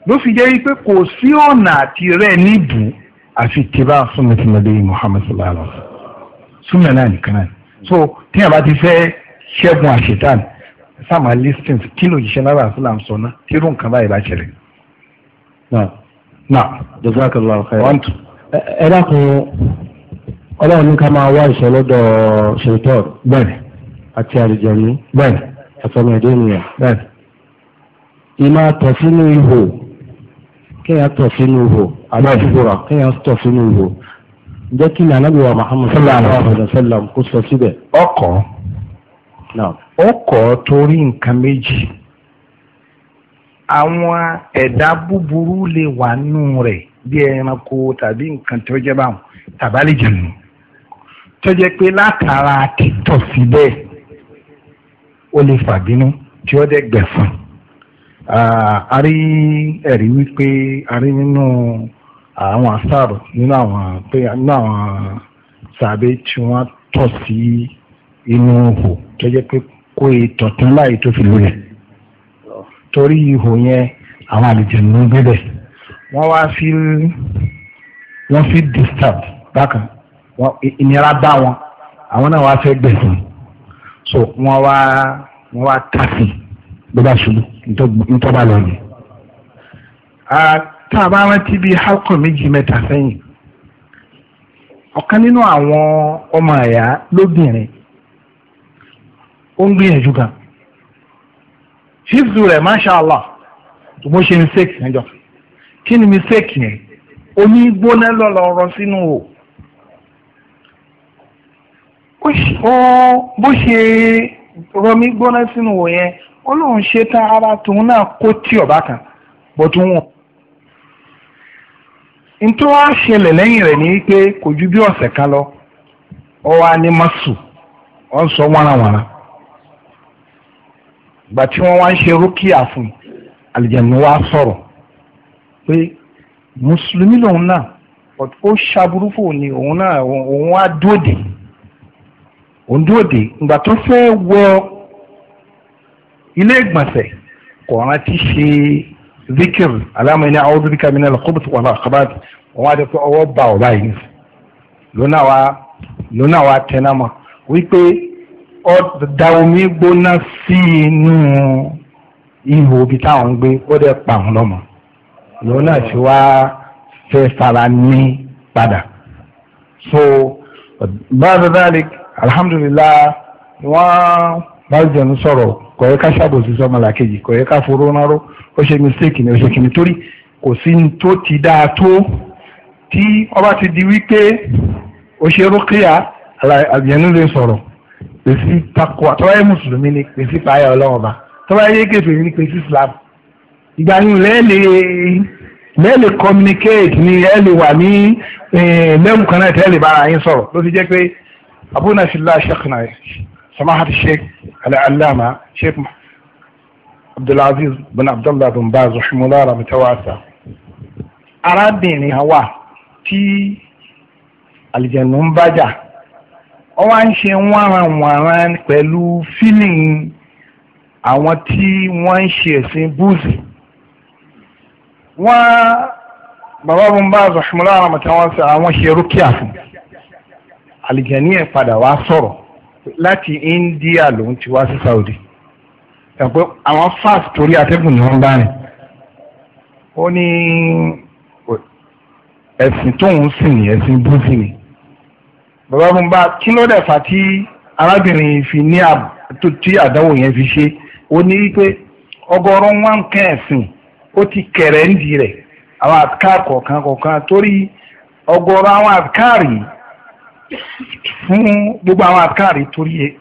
S1: ló fi jẹ́ wípé kò sí ọ̀nà àti rẹ̀ níbù àfi tìbá súnmẹ́tìmẹ́lẹ́ Muhammad sallallahu alayhi wa sallam súnmẹ́ náà nìkan náà so tíyẹn bá ti fẹ́ ṣẹ́gun àṣetán sáàmà listings kí lóòjì ṣe náírà sílà ń sọ kí báyìí bá ṣẹlẹ̀ náà. náà jazakallahu khairan. ẹ dákun ọlọ́run ní ká máa wá ìṣọ́ lọ́dọ̀ ṣètò bẹ́ẹ̀ àti àlùjànnú bẹ́ẹ̀ àtọ́mọ ẹ̀dẹ́ ènìyàn bẹ́ẹ̀. ìmọ̀ àtọ̀ sínú ihò kéèyàn tọ̀ sínú ihò àbẹ́ ìfúra kéèyàn tọ̀ sínú ihò jẹ́ kí nànábì wa Muhammad sallallahu alayhi wa sallam kó sọ síbẹ̀. ọkọ̀ ọkọ̀ torí nǹkan méjì. àwọn ẹ̀dá búburú lè wà nù rẹ̀ bí ẹranko tàbí nǹkan tó jẹ́ báwọn tàbálẹ̀ jẹ̀nu tó jẹ́ pé látara títọ̀ síbẹ̀ ó lè fàbínú tí ó dẹ̀ gbẹ̀fọ́n a rí ẹ̀rí wípé a rí nínú àwọn asáàrò nínú àwọn pé nínú àwọn sàbẹ̀ tí wọ́n tọ̀ sí inú ihò tó jẹ́ pé kó e tọ̀tún láàyè tó fi lulẹ̀. torí ihò yẹn àwọn àlùjẹ̀nu ló gbé bẹ̀ wọ́n wá fi wọ́n fi disturb bákan wọ́n ìnira bá wọn àwọn náà wá fẹ́ gbẹ̀sìn so wọ́n wá wọ́n wá tàfin bó bá ṣubú nítorí bá lọ yẹn tá a bá rántí bíi halkọ méjì mẹ́ta sẹ́yìn ọ̀kan nínú àwọn ọmọ ẹ̀yà lóbìnrin ó ń gbìyànjú gan hifzu rẹ̀ masha allah tó bó ṣe mistake níjọ kí omi gbóná lọ́lọ́ ọ̀rọ̀ sinu o bó ṣe rọmi sínú o yẹn ó ṣe tá ara tòun náà kó tí ọ̀bá kan bọ̀ tó wọ̀n. nítorí wàá ṣẹlẹ̀ lẹ́yìn rẹ̀ ni pé kò ju bí ọ̀sẹ̀ kan lọ ọ wá ní masu ọ̀ ń sọ wánawàna. gbà tí wọ́n wá ń ṣe rúkìá fún àlìjẹ̀nu wa sọ̀rọ̀ pé mùsùlùmí lòun náà ó ṣàbùrú fún òní òun náà òun á dóde òun dóde ìgbà tó fẹ́ wọ ilé ìgbọ̀nsẹ̀ kò rántí ṣe zikir alámọ̀ẹ́ni àwọn obìnrin kan mìíràn kó bùtù wàhálà kábàdì òun á jẹ́ pé ọwọ́ bá ọ̀ báyìí lónà wa lónà wa tẹnámọ̀ wípé da omi gbóná sí inú ihò ibi táwọn ń gbé ó dẹ̀ pa àwọn lọ́mọ ìyóò náà ṣe wá fẹ́ fara ní padà so báyọ̀ dáadé alhamdulilah wọ́n báyọ̀ jẹ̀nu sọ̀rọ̀ kò yẹ ká ṣàbòsí sọ́mọlá kejì kò yẹ ká foró náró ó ṣe mistake ni ó ṣe kìnnì torí kò sí ní tó ti dáa tó tí ọba ti di wípé ó ṣe rókìá àyẹ̀nú lè sọ̀rọ̀ pèsè takwa tọ́wáyé mùsùlùmí ni pèsè fàáyà ọlọ́wọ́n ba tọ́wáyé kẹfìrí ni pèsè islam ìgbà yìí lẹ́ẹ̀lẹ́ lẹ́ẹ̀lẹ́ communicate ni lẹ́ẹ̀lẹ́ wà ní lẹ́mù kan náà tẹ́lẹ̀ bára yín sọ̀rọ̀ ló fi jẹ́ pé abúna fila sheikhna samahati sheikh al Alama sheikh abdulaziz bin abdullah bin baz rahimulah ramitawasa arábìnrin wa tí alìjẹ̀nu ń bájà ọ wá ń ṣe wọ́nranwọ̀nran pẹ̀lú fílìn àwọn tí wọ́n ń ṣe ẹ̀sìn búùsì wọ́n bàbá bùnbà zọ̀ṣùmọ́lá àràmọ̀tá wọn sọ àwọn ṣe rúkìá fún àlìjẹ̀ní ẹ̀ padà wá sọ̀rọ̀ láti India lòun ti wá sí Saudi ẹ̀pẹ́ àwọn fas torí atẹ́gùn ni wọ́n bá rìn ó ní ẹ̀sìn tóun sìn ní ẹ̀sìn búùsì ni bàbá fún bá kí ló dẹ̀ fà tí arábìnrin fi ní tí àdánwò yẹn fi ṣe ó ní wípé ọgọ́rùn-ún wọn kẹ́ ẹ̀sìn ó ti kẹ̀rẹ́ ń di rẹ̀ àwọn àtikáà kọ̀ọ̀kan kọ̀ọ̀kan torí ọgọ́rùn àwọn àtikáàrì fún gbogbo àwọn àtikáàrì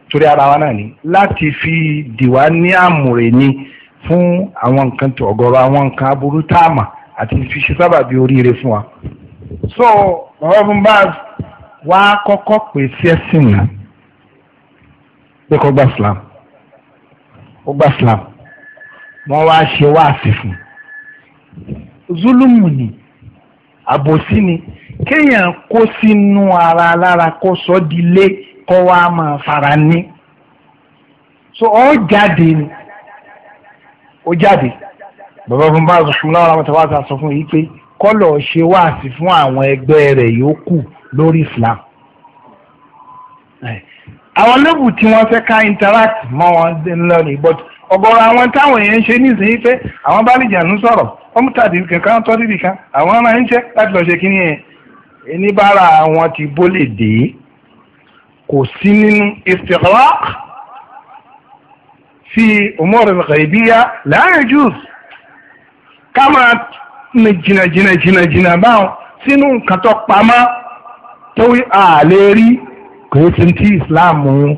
S1: torí ara wa náà ni láti fi dìwà ní àmùrè ni fún àwọn nǹkan tó ọgọ́rùn àwọn nǹkan aburú táàmà àti fi ṣe sábàbí oríire fún wa. so bàbá fún bá wá kọ́kọ́ pè sí ẹ̀sìn nà pé kó gba Islam ó gba Islam wọ́n wá ṣe wáàsí fún zulumu ni àbòsí ni kéèyàn kó sínú ara lára kó sọ di lé kó wá máa fara ní so ọ jáde ni ó jáde bàbá fún bá a sọ fún láwọn àwọn tàbá sọ fún yìí pé kọ́lọ̀ ṣe wáàsí fún àwọn ẹgbẹ́ rẹ̀ yòókù lórí Islam. àwọn lóbù tí wọ́n fẹ́ ká interact mọ́ wọn lónìí but ọ̀gọ̀rọ̀ àwọn táwọn èèyàn ń ṣe nísìnyí pé àwọn bálìjànú sọ̀rọ̀ wọ́n mú tàbí kankan tọ́ dídì kan àwọn máa ń jẹ́ láti lọ́ọ́ ṣe kínní yẹn níbàárà wọn ti bó lè dé kò sí nínú istighraq fi umur al-ghaybiyya la yajuz ká máa ní jìnnà jìnnà jìnnà jìnnà báwọn sínú nǹkan tó pamọ́ tó wí àlè rí kò yẹ ti ti Islam hmm.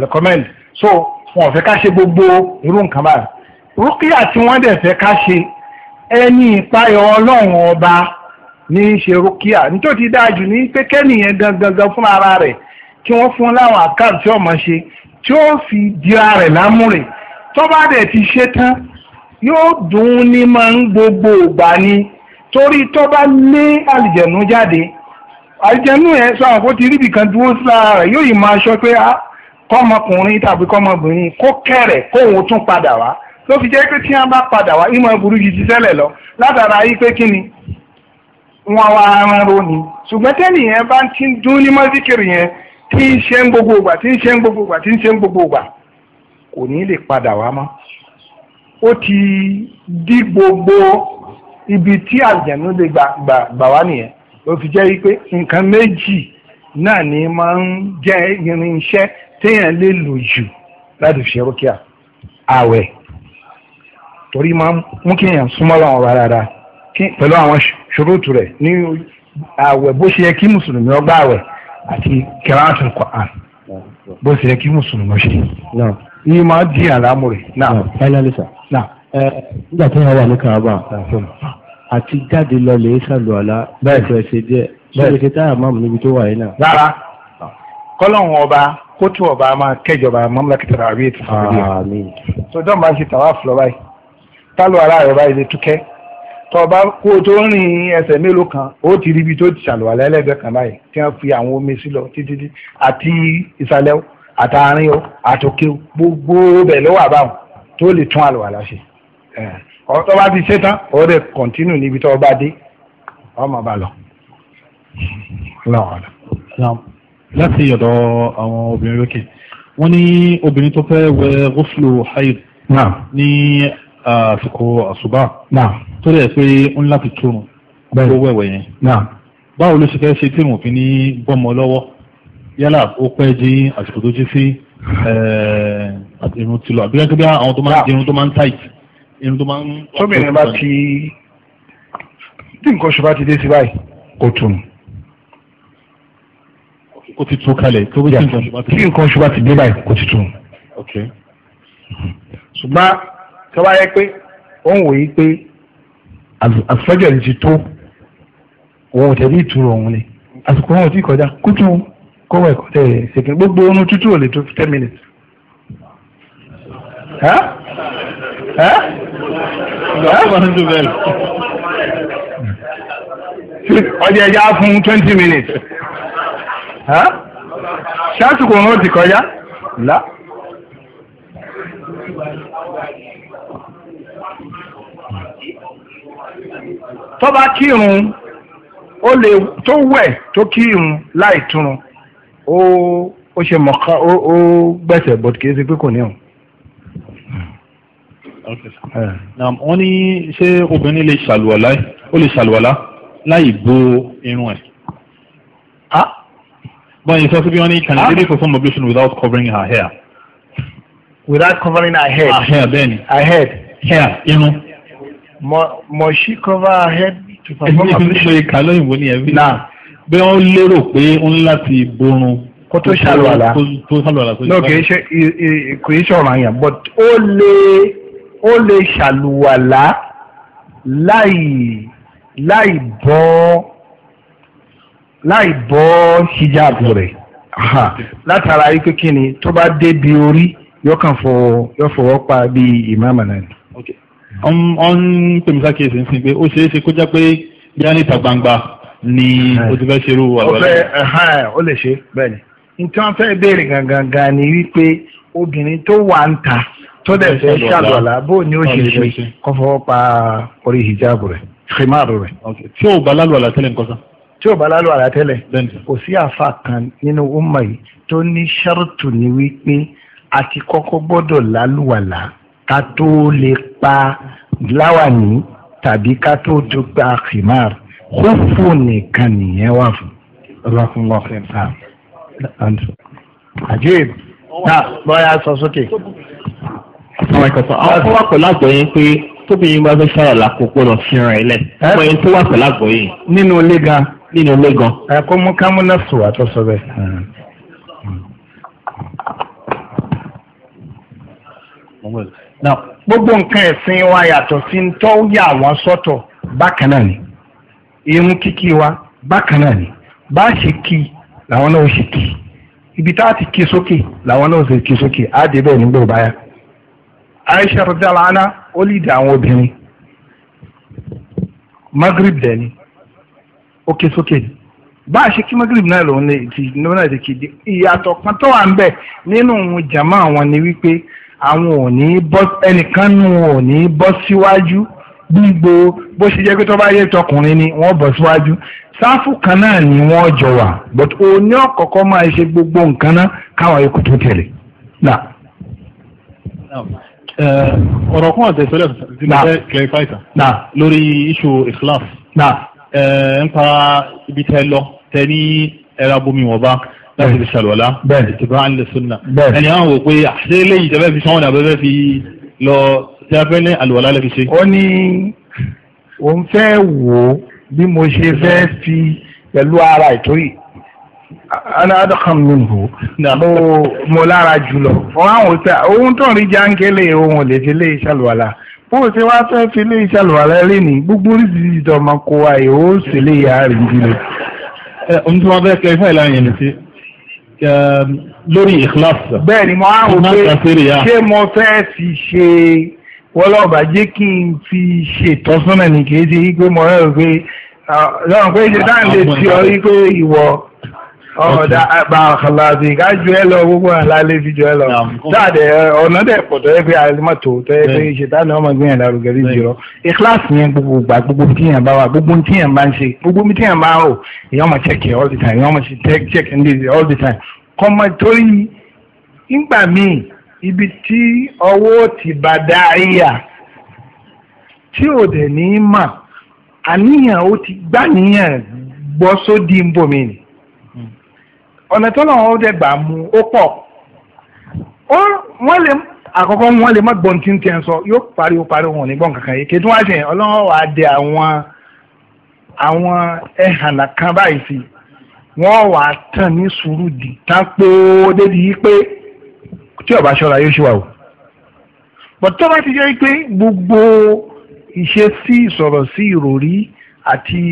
S1: recommend so wọn fẹ́ ká ṣe gbogbo irú nǹkan báyìí rúkìá tí wọ́n dẹ̀ fẹ́ ká ṣe ẹni ìpayọ̀ ọlọ́run ọba ní í ṣe rúkìá nítorí dájú ní pé kẹ́nìyẹn gangan fún ara rẹ̀ kí wọ́n fún láwọn àkáǹtì ọmọ ṣe tí ó fi di ara rẹ̀ lámúre tó bá dẹ̀ ti ṣe tán yóò dùn ún ní máa ń gbogbo ògbà ni torí tó bá lé àlìjẹ̀nú jáde yẹn sọ àwọn kó ti rí kan dúró sára rẹ̀ yóò yìí máa sọ pé ah, kọ́mọkùnrin tàbí kọ́mọbìnrin kó kẹ̀rẹ̀ kóun tún padà wá ló fi jẹ́ pé tí wọ́n bá padà wá ìmọ̀ burú ju ti lọ látara pé kí ni wọn wá aran roni ṣùgbọ́n tẹ́nì yẹn ti dún ní mọ́síkìrì yẹn tí ń ṣe ń gbogbo tí ń ṣe ń ó ti dí gbogbo ibi tí àjẹnú lè gbà gbà gbà wá nìyẹn ó fi jẹ́ wípé nǹkan méjì náà ni máa ń jẹ́ irinṣẹ́ téèyàn lè lò jù láti fi ṣe rúkìá àwẹ̀ torí máa ń mú kí èèyàn súnmọ́ láwọn ọba dáadáa pẹ̀lú àwọn ṣòrótù rẹ̀ ní àwẹ̀ bó ṣe yẹ kí mùsùlùmí ó àwẹ̀ àti kẹrántì Kùránì bó ṣe yẹ kí mùsùlùmí ó yìí máa di àlámù rẹ̀ náà. finally sir náà
S2: eh, nígbà tí wọ́n wà ní kaaba
S1: àti ah, jáde lọ lè ṣàlùwàlá bẹ́ẹ̀ fẹ́ ṣe díẹ̀ bẹ́ẹ̀ ṣe táyà máàmù níbi tó wà yìí náà. rárá kọ́lọ́hún ọba kótó ọba máa kẹjọba mọ́mọ́lákìtà àbí ètò ìfọ̀dí. sọdọ́ máa ń ṣe tàwa fúlọ́ báyìí tálù ara rẹ̀ báyìí lè túkẹ́ tọba kó o tó rìn ẹsẹ̀ mélòó kan ó ti ríbi tó ti ṣàlùwàlá ẹlẹ́gbẹ̀ẹ́ kan báyìí tí wọ́n fi àwọn omi sí lọ títí àti ìsàlẹ̀ àtàárín o àtòkè gbogbo bẹ̀ ló wà báwọn tó lè tún àlùwàlá ṣe ọtọ́ bá ti ṣe tán ó dẹ̀ kọ̀ntínù níbi tó bá
S2: dé ọmọ bá lọ. láti ọ̀dọ̀ àwọn obìnrin lókè wọ́n ní obìnrin tó fẹ́ wẹ gúfúlù haid ní àsìkò àṣùbà tó dẹ̀ pé ó ń láti túrun tó wẹ̀wẹ̀ yẹn báwo ló ṣe fẹ́ ṣe tí mo fi ní bọ́mọ lọ́wọ́ yálà ó pẹ́ jí àsìkò tó jí sí eh, irun ti lọ àbí gẹ́gẹ́ bí àwọn tó máa ń di irun tó máa ń tight irun tó máa ń. tóbìnrin bá ti tí nǹkan ṣe bá ti dé sí báyìí kò tún. kò
S1: ti tún kalẹ̀ tó bí tí nǹkan ṣe bá ti dé báyìí kò ti tún. ṣùgbọ́n tó bá yẹ pé ó ń wòye pé àsọjọ́ ti tó òun ò tẹ̀lé ìtura òun ni àsìkò òun ò kọjá kó tún kọ́wọ́ ẹ̀kọ́ tẹ̀ ṣèkìn gbogbo oorun tútù ò lè tó fi ten minutes.
S2: ẹ́ ẹ́ ẹ́ ọjà ẹja fún twenty minutes
S1: ṣáàtùkù oorun ti kọjá là.
S2: tọ́ba kírun
S1: ó lè tó wẹ̀ tó kírun láì túrun ó ó ṣe mọ̀ká ó ó gbẹ̀sẹ̀ bọ̀t kì í ṣe pé kò ní o.
S2: wọ́n ní ṣé obìnrin lè ṣàlùwàlá ó lè ṣàlùwàlá láì bo irun ẹ̀. bọ́n yìí sọ sí bí wọ́n ní can a lady perform ablution without covering her hair.
S1: without covering her head. her hair bẹ́ẹ̀
S2: ni. her head. hair irun. must she cover her head to perform ablution. ẹni ìpínlẹ̀ ìkàlọ́ ìwò ni ẹ̀ bí. náà bí wọ́n lérò pé ń láti borun kó tó ṣàlùwàlà tó ṣàlùwàlà tó ṣàlùwàlà. no kì í ṣe kì í ṣọ̀rọ̀ àyàn but ó
S1: lè ó lè ṣàlùwàlà láì láì bọ́ láì bọ́ hijab rẹ̀ látara ike kíni tó bá débi orí yóò kàn fọ yóò fọwọ́
S2: pa bíi ìmáàmà náà. wọ́n ń pèmí sákèésí ń sìn pé ó ṣeé ṣe kó jẹ́ pé yánnìta gbangba ni o ti fẹ́ ṣerú àlùwàlá.
S1: ọfẹ ó lè ṣe bẹ́ẹ̀ ni nǹkan fẹ́ béèrè gangan gan ni wípé obìnrin tó wà ń ta tó dẹ̀ fẹ́ ṣàlùwàlá bó ni ó ṣe ṣe kó fọwọ́ pa orí hijab rẹ̀ khimaru rẹ̀. tí o bá lálù tẹ́lẹ̀ nǹkan sá. tí o bá lálù tẹ́lẹ̀ kò sí àfa kan nínú umma yìí tó ní ṣàrùtù ni wípé a ti kọ́kọ́ gbọ́dọ̀ lálù àlá ká tó lè pa láwàní tàbí ká tó dùgbà khimaru
S2: kófò
S1: nìkan nìyẹn wà fún. ọlọ́kùnrin ọ̀fẹ́ nǹkan.
S2: àjẹ́ náà bọ́yá sọ sókè. àwọn ìkọ̀tọ̀ àwọn tó wà pẹ̀lú àgbọ̀yìn pé tóbìnrin bá fẹ́ ṣàyà lákòókò lọ fi ràn ẹ́ lẹ̀. ọmọ yẹn tó wà pẹ̀lú àgbọ̀yìn.
S1: nínú ilé gan. nínú ilé gan. ẹ kó mú kámúná sùn àtọ́sọ bẹ́ẹ̀. gbogbo nǹkan ẹ̀sìn wa yàtọ̀ sí ń tọ́ yà wọ́n sọ́tọ̀ bákan náà ni irun kíkí wa bákan náà ni bá a ṣe kí làwọn náà ó ṣe kí ibi tá a ti kí sókè làwọn náà ó ṣe kí sókè á dé bẹ́ẹ̀ nígbà òbáyà. Aisha radiyallahu anha ó lè dá àwọn obìnrin Maghrib dẹ̀ ni ó ké sókè ni bá a ṣe kí Maghrib náà lòun ní ti náà ti kí ìyàtọ̀ kan tó wà ń bẹ̀ nínú òun jàmá àwọn ni wípé àwọn ò ní bọ́ ẹnìkan nù ò ní bọ́ síwájú. Si gbígbó bó ṣe jẹ́ pé tó bá yẹ tọkùnrin ni wọ́n bọ̀ síwájú sáfù kan náà ni wọ́n jọ wà but òní ọ̀kọ̀ọ̀kan máa
S2: ṣe gbogbo nǹkan náà káwọn ikú tó tẹ̀lé. ọ̀rọ̀ kan àti ìṣẹ̀lẹ̀ tí mo fẹ́ clarify tán lórí issue ikhlas nípa ibi tẹ lọ tẹ ní ẹ̀rọ abomi wọ̀ bá láti fi ṣàlùwàlá ìtìbá ń lè sunna ẹni àwọn wò pé àṣẹ ah, lẹ́yìn tẹ́fẹ́ fi sanwó-ọ̀nà abẹ́fẹ́ fi lọ tí a fẹ́ ní àlùwàlá lè fi ṣe. ó ní òun fẹ́ wò
S1: ó bí mo ṣe fẹ́ fi pẹ̀lú ara ìtòyì ana adọ́kan minhu mo lára jùlọ fún àwọn òṣìṣẹ́ ohun tó ń rí jáńkélé ohun lè fi lé ìṣàlùwàlà bó o ṣe wá fẹ́ fi lé ìṣàlùwàlà lé ní gbogbo oríṣiríṣi ìdọ̀mọ kó wa yìí ó sì lé ìyá rẹ̀ jùlọ. ohun tí wọn fẹ́ kẹ́ fẹ́ ìlànà yẹn nìyí um, lórí ìkíláàsì. bẹ́ẹ̀ ni mo á wò pé ṣé mo fẹ́ fi ṣe wọ́n lọ́wọ́ bá jẹ́ kí n fi ṣètọ́sọ́nà ní kì í ṣe wípé mo rẹ́ rò pé lọ́wọ́ pé ṣe dáhùn lè ti ọ wípé ìwọ ọ̀dà àbàkàlàbì kájú ẹ lọ gbogbo àlálẹ́ fi jọ ẹ lọ dáàdẹ ọ̀nà dẹ̀ pọ̀ tọ́ ẹ pé àlùmọ́tò tọ́ ẹ pé ṣe dáhùn ọmọ gbìyànjú àrùgẹ́ rí jùlọ ìkíláàsì yẹn gbogbo gbà gbogbo tíyàn bá wà gbogbo tíyàn bá ń ṣe gbogbo tíyàn bá ń rò èyàn mọ̀ check all the time èyàn mọ̀ check all the time kọ́mọ torí nígbà míì ibi tí ọwọ́ ti bá dá ìyà tí ò dẹ̀ ní mà àníyàn ó ti gbàníyàn gbọ́ sódì ń bòmí ni ọ̀nà tó lọ́wọ́ ó dẹ̀ gbà mú ó pọ̀ ó wọ́n lè àkọ́kọ́ wọ́n lè má gbọ́n tí ń tẹ́ ń sọ yóò parí ó parí wọn ò ní gbọ́n kankan yìí kí wọ́n á ṣe yẹn ọlọ́wọ́ wàá dẹ àwọn àwọn ẹ̀hànà kan báyìí sí wọ́n wàá tàn ní sùúrù dì tán pé ó débi yìí pé tí ọba ṣọ́ra yóò ṣe wà o but tó bá ti jẹ́ pé gbogbo ìṣesí ìsọ̀rọ̀ sí ìròrí àti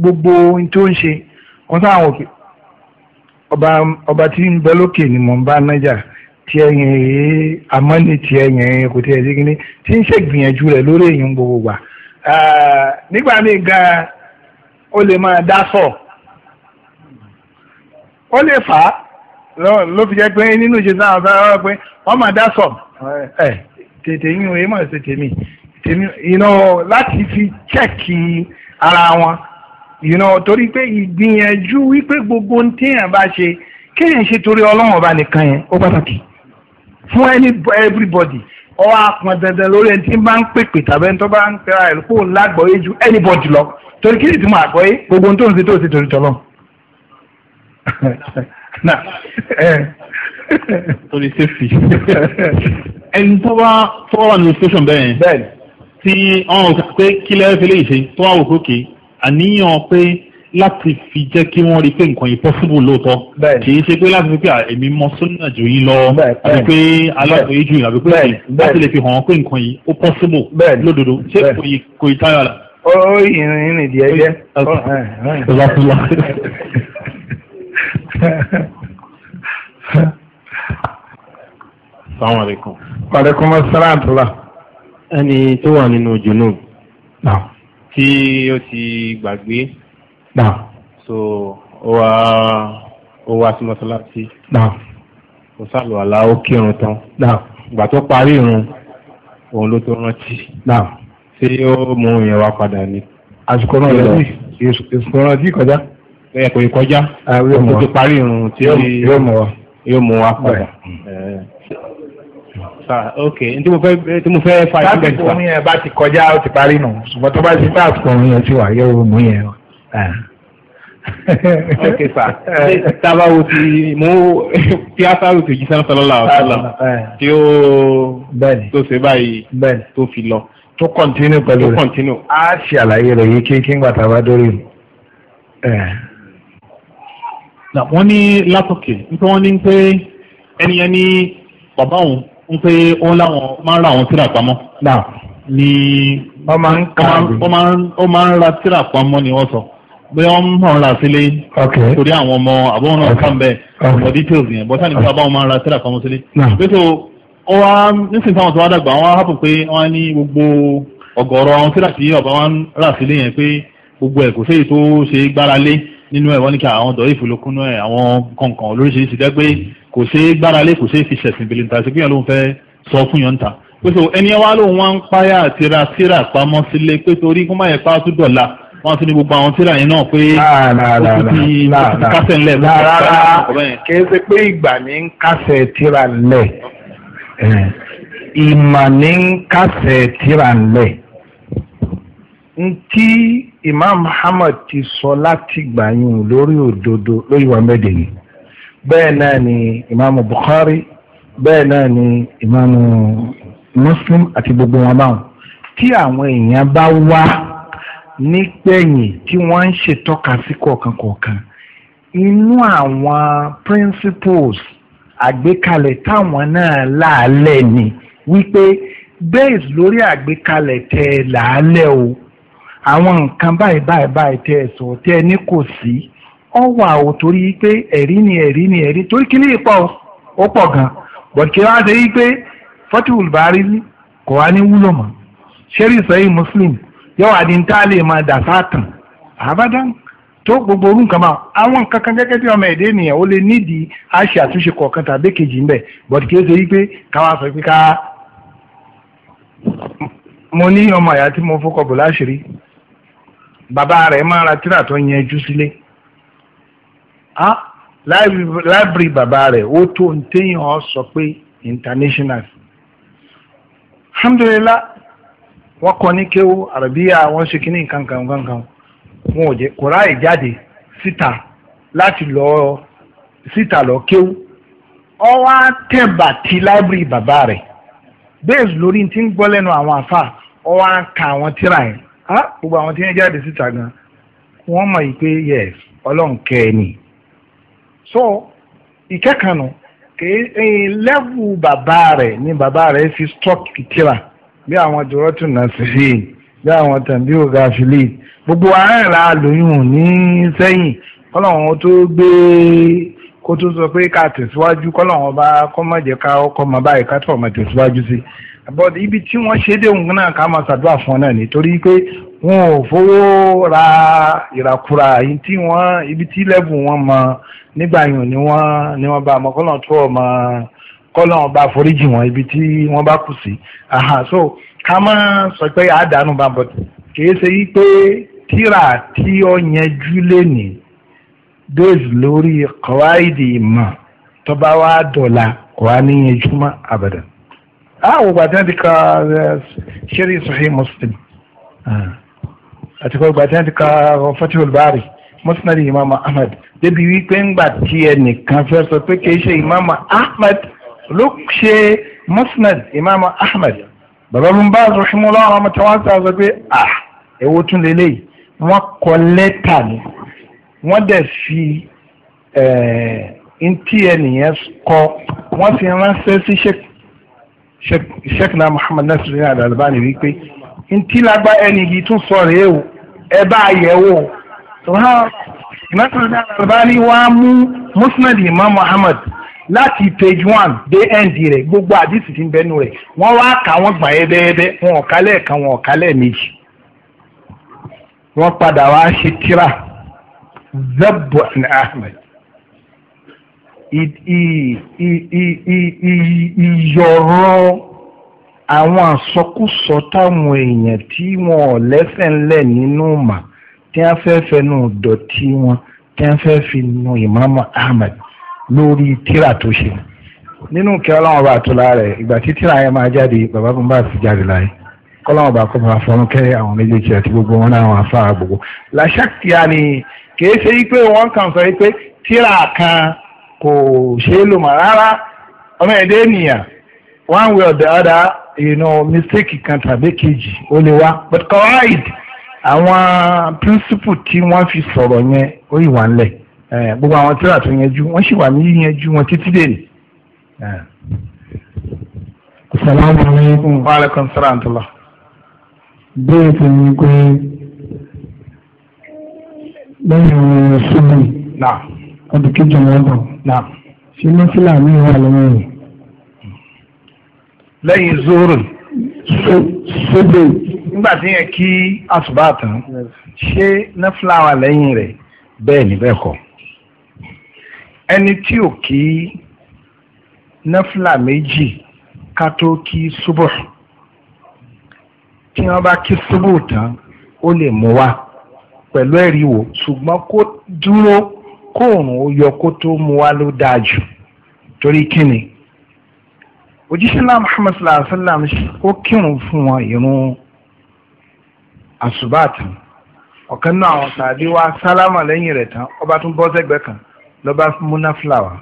S1: gbogbo ohun tó ń ṣe wọ́n sáwọn òkè ọba ọba tí ń bẹ lókè ni mò ń bá nájà tí ẹ̀yìn ẹ̀yẹ àmọ́ ní tí ẹ̀yìn ẹ̀yẹ kò tí ẹ̀ dígí ní tí ń ṣe gbìyànjú rẹ̀ lórí èyí gbogbo gbà nígbà míì gan-an ó lè máa dá sọ̀ ó lè fà á ló fi jẹ́ pé nínú ìṣe sáà fẹ́ rárá pé wọ́n máa dá sọ̀ ẹ̀ tètè yín o èèmọ̀ ṣe tèmi tèmi láti fi chẹ́ẹ̀kì ara wọn torí pé ìgbìyànjú wípé gbogbo ohun téèyàn bá ṣe kéèyàn ṣe torí ọlọ́run ọba nìkan yẹn ó pàtàkì fún ẹni everybody ọwọ́ apọn dandan lórí ẹni tí ń bá ń pèpè tàbí ẹni tó bá ń pera ẹ̀ kó lágbọ̀ọ́yé ju anybody lọ torí kí ni ìtumọ̀ àgbọ̀ọ́yé gbogbo ohun tó ń ṣe tó ṣe torí tọ́lọ́. náà
S2: eh. torí sẹ́fì ẹni tó bá tó wà nínú station bẹ́ẹ̀ tí wọ́n rò pé kí lẹ́yìn fi léyìí ṣe tó wà wò kókè àníyàn pé láti fi jẹ́ kí wọ́n rí pé nǹkan yìí possible lóòótọ́ kì í ṣe pé láti fi pé èmi mọ sọ́nà jù yín lọ àbí pé aláìsàn yìí jù yín àbí pé láti lè fi hàn pé nǹkan yìí ó possible lódodo ṣé kò yí táyà. ó yìnyín nìdí ẹgbẹ́. Assalamu alaikum. Wa alaikum assalam àtúlá. ẹni tó wà nínú junub. náà. tí ó ti gbàgbé. náà. so o wá ó wá sí mọ́sálásí. náà. kò sálò àlá ó kírun tán. náà. ìgbà tó parí irun òun ló tó rántí. náà. ṣé ó mú ìyẹn wá padà ni. àsìkò náà lẹ́yìn
S1: ìsìnkú rántí kọjá bẹ́ẹ̀ kò kọjá tó ti parí
S2: irun tí yóò mú wa yóò mú wa padà. ok tí mo
S1: fẹ́ tí mo fẹ́ fa ìpínlẹ̀ sísá. táàbù omi yẹn bá ti kọjá ó ti parí nù ṣùgbọ́n tó bá ti bá àsìkò omi yẹn ti wà yóò mú yẹn.
S2: ok sir tábà wo ti mo tí asaru ti jí sáńsọ lọ́la ọ̀sọ́lá tí ó tó ṣe
S1: báyìí tó fi lọ. tó kọ̀ntínú pẹ̀lú rẹ̀ tó kọ̀ntínú. a ṣe àlàyé rẹ̀ yìí kí kí n gbà tá
S2: a bá dórí wọ́n ní látòkè nípa wọ́n ní pé ẹni ẹni bàbá òun ń pé ó láwọn máa ń ra àwọn tíra pamọ́. ni ó máa ń ka ó máa ń ra tíra pamọ́ ni wọ́n sọ pé wọ́n ń hàn ra sílé torí àwọn ọmọ àbọ̀wọ̀n náà kàn bẹ́ẹ̀ for details yẹn bọ́tà nípa báwọn máa ń ra tíra pamọ́ sílé. pẹ̀tọ́ ó wá nísìnyí táwọn tó wá dàgbà wọ́n á hàpọ̀ pé wọ́n á ní gbogbo ọ̀gọ̀ọ̀rọ̀ àwọn tíra tí ọ̀bá wọn rà sílé yẹn pé gbogbo ẹ̀ kò séyìí nínú ẹ̀ wọ́n ní kí àwọn dọ̀ ìfúlokúnú ẹ̀ àwọn kọ̀ọ̀kan olóríṣiríṣi jẹ́ pé kò ṣeé gbáralé kò ṣeé fi ṣẹ̀sìn bìlì níta sí pé yẹn ló ń fẹ́ sọ fún yẹn níta pé so ẹni ẹ wá lóun wá ń páyà tira síra pamọ́ sílé pé torí kó má yẹ pa tún dọ̀la wọ́n tún ní gbogbo àwọn tíra yẹn náà pé ó ti kásẹ̀ ńlẹ̀. rárá kì
S1: í ṣe pé ìgbà ní ń kásẹ̀
S2: tíra ńlẹ̀ ìmọ̀
S1: ní ń kásẹ̀ tíra ńlẹ̀ n tí Imam Muhammad ti sọ láti gbàyàn lórí òdodo lórí wa mẹ́dẹ̀ yìí bẹ́ẹ̀ náà ni Imam Bukhari bẹ́ẹ̀ náà ni Imam Muslim àti gbogbo wọn báwọn tí àwọn èèyàn bá wá nígbẹ̀yìn tí wọ́n ń ṣètọ́ka sí kọ̀ọ̀kan kọ̀ọ̀kan inú àwọn principles àgbékalẹ̀ táwọn náà láàlẹ̀ ni wípé based lórí àgbékalẹ̀ tẹ làálẹ̀ o àwọn nǹkan báyìí báyìí báyìí tẹ ẹ sọ tẹ ẹ ní kò sí ọ wà ó torí pé ẹ̀rí ni ẹ̀rí ni ẹ̀rí torí kí ní ipa ó pọ̀ gan bọ̀dùkì wá ṣe yí pé fọ́tíwùl bàárí kò wá ní wúlò mọ́ ṣẹ́rí sọ́yìn muslim yóò wá ní tá a lè máa dà sátàn àbádán tó gbogbo orú nǹkan máa àwọn nǹkan kan gẹ́gẹ́ bí ọmọ èdè ènìyàn ó lè nídìí á ṣe àtúnṣe kọ̀ọ̀kan tàbí kejì ńbẹ̀ bọ̀dùkì ó ṣe yí pé káwá sọ pé ká mo ní ọmọ àyà tí mo fọkọ bò láṣìírí bàbá rẹ̀ máa ra tíra tó yanjú sílé láìbírí bàbá rẹ̀ ó tó ń téèyàn ọ sọ pé international alhamdulilah wọ́n kọ́ ní kéwú àràbíyà ṣe kankan kankan wọn ò jẹ́ kò ráàyè jáde síta láti lọ síta lọ ọ wá tẹ̀bà ti láìbírí bàbá rẹ̀ bẹ́ẹ̀ lórí ti ń gbọ́ ọ wá ka àwọn tíra yẹn Ah, gbogbo àwọn tí wọ́n jáde síta gan wọ́n mọ̀ yìí pé yes ọlọ́run kẹ́ ẹ nì so ìkẹ́kànnù lẹ́bù bàbá rẹ̀ ni bàbá rẹ̀ fi stock kìtìrà bí àwọn jòrọ́tù náà sì fi bí àwọn tàbí ògá fìlì gbogbo àárẹ̀ la lóyún ní sẹ́yìn ọlọ́run tó gbé kó tó sọ pé ká tẹ̀síwájú kọ́lọ́wọ́n bá kọ́ má jẹ́ ká ọkọ̀ mọ́ báyìí ká tọ̀ mọ́ tẹ̀síwájú sí but ibi tí wọ́n ṣe dé òun náà ká máa ṣàdúrà fún ọ náà nítorí pé wọn ò fowó ra ìràkúra yìí tí wọ́n ibi tí lẹ́bù wọn mọ nígbà yàn ni wọ́n ni wọ́n bá mọ kọ́lọ́n tó ọmọ kọ́lọ́n bá foríjì wọn ibi tí wọ́n bá kù sí so ká má sọ pé àdánù bá bọ̀ kì í ṣe yí pé tíra tí ó yẹn jú lé base lórí kọ́wáìdì ìmọ̀ tọ́ba wa dọ̀la kò wá níyẹn júmọ́ abadan. àwọn gbàtẹ́ ti ka ṣẹ́rí eh, sahih muslim ah. àti kọ́ gbàtẹ́ ti ka eh, fatihul bari musnad imam ahmed débi wípé ńgbà tí ẹnìkan fẹ́ sọ pé kì í ṣe imam ahmed ló ṣe musnad imam ahmed bàbá mi bá rahimahu Allah ọmọ tí wọ́n sọ pé ah èwo tún lélẹ́yìí wọ́n kọ lẹ́tà ni wọ́n dẹ̀ fi ntí ẹnìyẹn kọ wọ́n fi ránṣẹ́ sí sheikh na muhammad nasiru al-Albani wípé ntí lágbá ẹnì yìí tún sọ rèé o ẹ bá yẹ̀wò nasiru al-Albani wá mú musnad imam muhammad láti page one dé end rẹ̀ gbogbo àdìsí tí ń bẹnu rẹ̀ wọ́n wá kà wọ́n gbà ẹbẹ́ẹ́bẹ́ wọn ò kálẹ̀ kan wọn ò kálẹ̀ méjì wọ́n padà wá ṣe tíra. ذب عن ahmed ìyọ̀rọ̀ àwọn àsọkúsọ táwọn èèyàn tí wọn ò lẹ́sẹ̀ ńlẹ̀ nínú mà tí wọ́n fẹ́ fẹnu dọ̀tí wọn tí wọ́n fẹ́ fi nu ìmáàmù ahmed lórí tíra tó ṣe nínú kí ọlọ́run bá tó lára ẹ̀ ìgbà tí tíra yẹn máa jáde bàbá kan bá fi jáde láyé kọ́lọ́run bá kọ́ bá fọ́nrún àwọn méjèèjì àti gbogbo wọn náà wọn afá gbogbo làṣà kìá ni kìí ṣe pé wọ́n kàn sọ pé tíra kan kò ṣe é lò mọ́ rárá ọmọ ẹ̀dá ènìyàn one way or the other you know, mistake kan tàbí kejì ó lè wá but kawaid àwọn principle tí wọ́n fi sọ̀rọ̀ yẹn ó yìí wà ńlẹ̀ eh, gbogbo àwọn tíra tó yẹn jú wọ́n sì wà ní yíyanjú wọn títí dèní. Eh. Assalamu alaikum. Wa
S2: alaikum salaam tó lọ.
S1: Bẹ́ẹ̀ tó ní pé lẹ́yìn ṣubú ọdún kejì ọgbọ̀n
S2: ṣé nọ́fìlà mi wà lọ́wọ́ rẹ̀. lẹ́yìn zoro
S1: ṣubú nígbà tí yẹn kí àṣùbà tán ṣé nọ́fìlà wà lẹ́yìn rẹ̀ bẹ́ẹ̀ ni bẹ́ẹ̀ kọ́ ẹni tí ò kí nọ́fìlà méjì ká tó kí ṣubú tí wọ́n bá kí ṣubú tán ó lè mú wa pẹ̀lú ẹ̀rí wò ṣùgbọ́n kó dúró kóòrùn ó yọ kó tó mu wá ló dáa jù torí kíni òjíṣẹ́lá Muhammad sallallahu alayhi wa sallam ó kírun fún wọn ìrun àṣùbàtàn ọ̀kan náà àwọn sàdí wa sálámà lẹ́yìn rẹ̀ tán ọba tún bọ́ sẹ́gbẹ́ kan lọ́ba múná fúláwà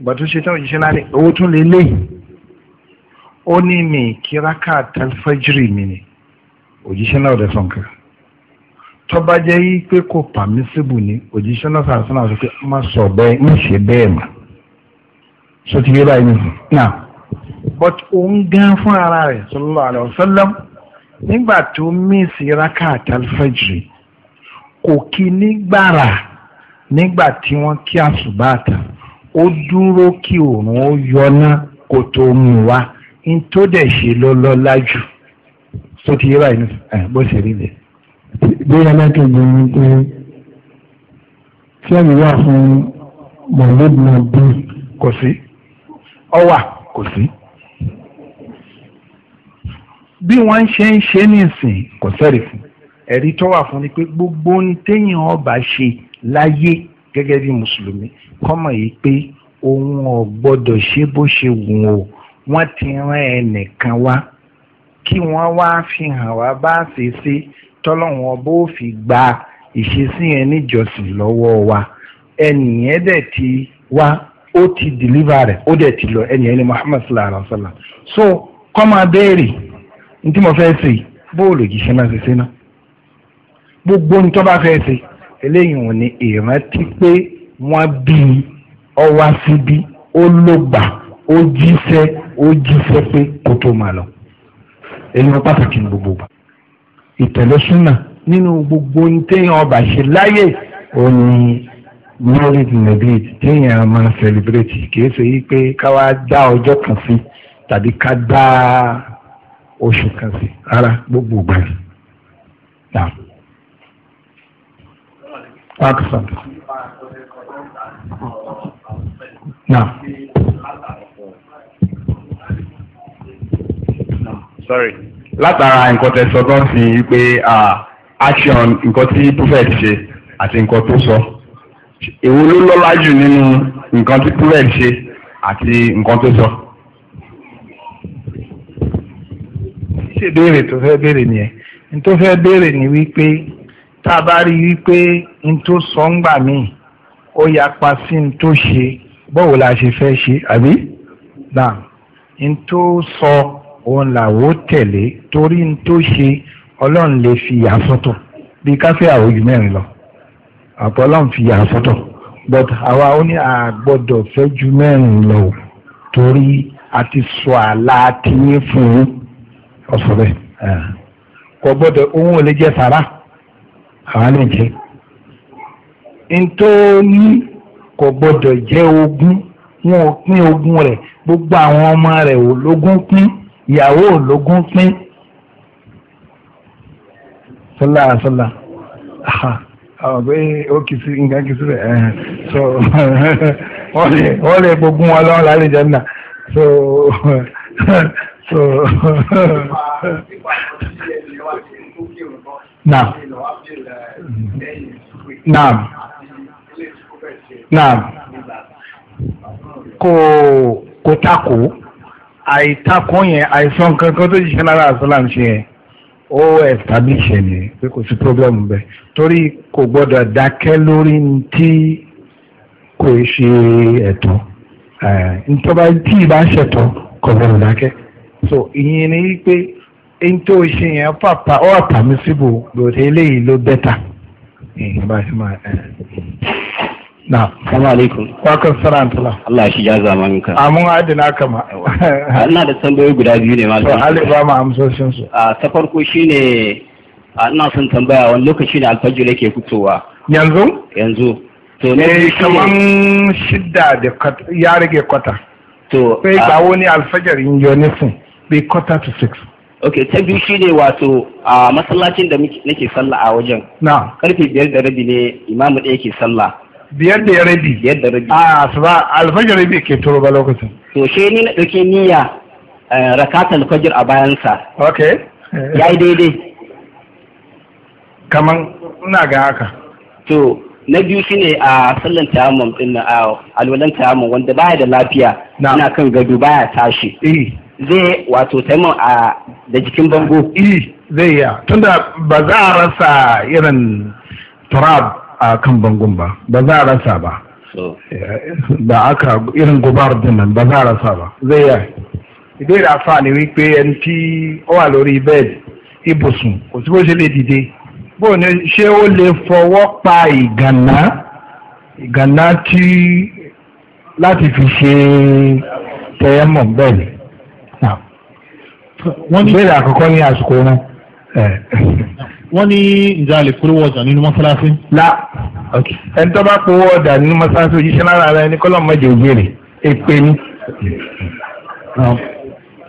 S1: gbàtú ṣe tán òjíṣẹ́ náà ní owó tún lè léyìí ó ní mi kíráká tẹlifájírì mi ni òjíṣẹ́ náà ò dẹ̀ sọ̀nkẹ́ tọ́ba jẹ́ yí pé kò pàmísìbù ni òjíṣẹ́ náà sàrẹ́sọ́ náà sọ pé má sọ bẹ́ẹ̀ má ṣe bẹ́ẹ̀ mà so ti yé báyìí nìyí náà but òun gan fún ara rẹ̀ sallallahu alaihi wasallam nígbà tó mísì rákàtà alfajiri kò kí ní gbàrà nígbà tí wọ́n kí àsùbàtà ó dúró kí òòrùn ó yọná kó tó mú wa n tó dẹ̀ ṣe lọ́lọ́lá jù so ti yé báyìí nìyí bó ṣe rí lẹ́yìn bí ẹlẹ́kẹ̀jọ ni pé tí ẹ̀mí wà fún mọ̀lẹ́bí náà bí kò sí ọ wà kò sí. bí wọ́n ṣe ń ṣe nísìn kò sẹ́rì fún ẹ̀rí tó wà fún ni pé gbogbo ohun téèyàn ọba ṣe láyé gẹ́gẹ́ bí mùsùlùmí kọ́mọ̀ yìí pé òun ò ṣe bó ṣe wù ú wọ́n ti rán ẹnìkan wá kí wọ́n wá fi hàn wá bá ṣe ṣe tọ́lọ́run ọba ó fi gba ìṣesí yẹn níjọsìn lọ́wọ́ wa ẹnìyẹn dẹ̀ ti wá ó ti deliver rẹ̀ ó dẹ̀ ti lọ ẹnìyẹn ni Muhammad sallallahu alaihi wa sallam so kọ́ máa béèrè ní tí mo fẹ́ ṣe bóòlù yìí ṣe máa ṣe ṣe náà gbogbo ní tó bá fẹ́ ṣe eléyìí wọn ni ìrántí pé wọ́n bí ọwá síbí ó ló gbà ó jíṣẹ́ ó jíṣẹ́ pé kó tó máa lọ èyí wọn pàtàkì ní gbogbo gbà ìtẹ̀lẹ́sùnà nínú gbogbo téèyàn ọba ṣe láyè ó ní married navid téèyàn máa celebrate kìí ṣe yí pé ká wá dá ọjọ́ kan sí tàbí ká dá oṣù kan sí rárá gbogbo ìgbà ni.
S2: Now. Sorry látara nǹkan tẹ sọ náà sí pé action nǹkan tí prophet ṣe àti nǹkan tó sọ èwo ló lọ́lá jù nínú nǹkan tí prophet ṣe àti nǹkan tó sọ.
S1: ṣíṣe béèrè tó fẹ́ béèrè nìyẹn tó fẹ́ béèrè ni wípé tá a bá rí wípé n tó sọ ń gbà míì ó yapa sí n tó ṣe bọ́wọ́ la ṣe fẹ́ ṣe àbí? n tó sọ. So, òun làwọ̀ tẹ̀lé torí ń tó ṣe ọlọ́run lè fi yà sọ́tọ̀ bí káfíà òjò mẹ́rin lọ àpò ọlọ́run fi yà sọ́tọ̀ but àwa ó ní àgbọ́dọ̀ fẹ́ ju mẹ́rin lọ torí a ti sọ àlá tiyín fún un ọ̀sọ̀ bẹ́ẹ̀ ah. kò gbọ́dọ̀ òun ò lè jẹ́ sàrà àwa lè jẹ́ nítorí kò gbọ́dọ̀ jẹ́ ogún wọn ò pín ogún rẹ̀ gbogbo àwọn ọmọ rẹ̀ ò lógún pín ìyàwó ológun pín sọlá sọlá àwọn pé ó kì sí nǹkan kì sí rẹ̀ ẹ̀ so
S2: wọ́n lè
S1: gbógun wọn lọ́wọ́ lálẹ́ jẹ́ nà so
S2: so. Naam. Naam. Naam.
S1: Kò kò takò àìtakùn yẹn àìsàn kankan tó jìṣẹ́ lára àṣàlám ṣe yẹn ó establish ẹ̀ ní pé kò sí problem bẹ́ẹ̀ torí kò gbọ́dọ̀ dákẹ́ lórí tí kò ṣe ẹ̀tọ́ ntọ́ba tí ìbá ṣẹ̀tọ́ kò gbọ́dọ̀ dákẹ́ so ìyẹn ni pé ntọ́ ṣe yẹn pàpà ó àpàmísìbò lòtẹ́ eléyìí ló bẹ́tà. na salamu alaikum wa kan sarantula Allah shi ya zaman ah, ka amin adina kama ina da tambayoyi guda biyu ne malam to Allah ba mu amsoshin su a ah, ta farko shine ah, ina son tambaya wani lokaci ne alfajir yake fitowa yanzu yanzu to eh, ne kaman shidda da ya rage kwata to sai ga wani alfajirin in yonisin bai kwata to six ok ta biyu shine wato a masallacin da nake sallah a wajen na karfe biyar da rabi ne imamu ɗaya ke sallah biyar da rabi biyar da rabi a ba alfajar rabi ke turo ba lokacin to she ni na dauke niyya eh, rakatul fajr a bayan sa okay yayi daidai kaman ina ga haka to na biyu shine a sallan tayammum din a alwalan tayammum wanda baya da lafiya ina kan gado baya tashi zai wato taimon a da jikin bango zai ya tunda ba za a rasa irin turab a kan bangon ba ba za a rasa ba da aka irin gobar din nan ba za a rasa ba zai yà ìbéèrè àfààní wípé ẹni tí ó wà lórí bẹ́ẹ̀dì ibùsùn kò sí bó ṣe lè dìde bó ni ṣé ó lè fọwọ́ pa ìgànná ìgànná tí láti fi
S2: ṣe tẹ̀yẹ́mọ̀ bẹ́ẹ̀ ni wọ́n ní ìbéèrè àkọ́kọ́ ní àsìkò náà wọ́n ní ìjà lè polówó ọjà nínú mọ́sálásí.
S1: la ẹni tó bá polówó ọjà nínú mọ́sálásí òjíṣẹ́ lára rẹ ní kọ́lọ́ mọ́jẹ̀ ògbèrè
S2: èpè ni.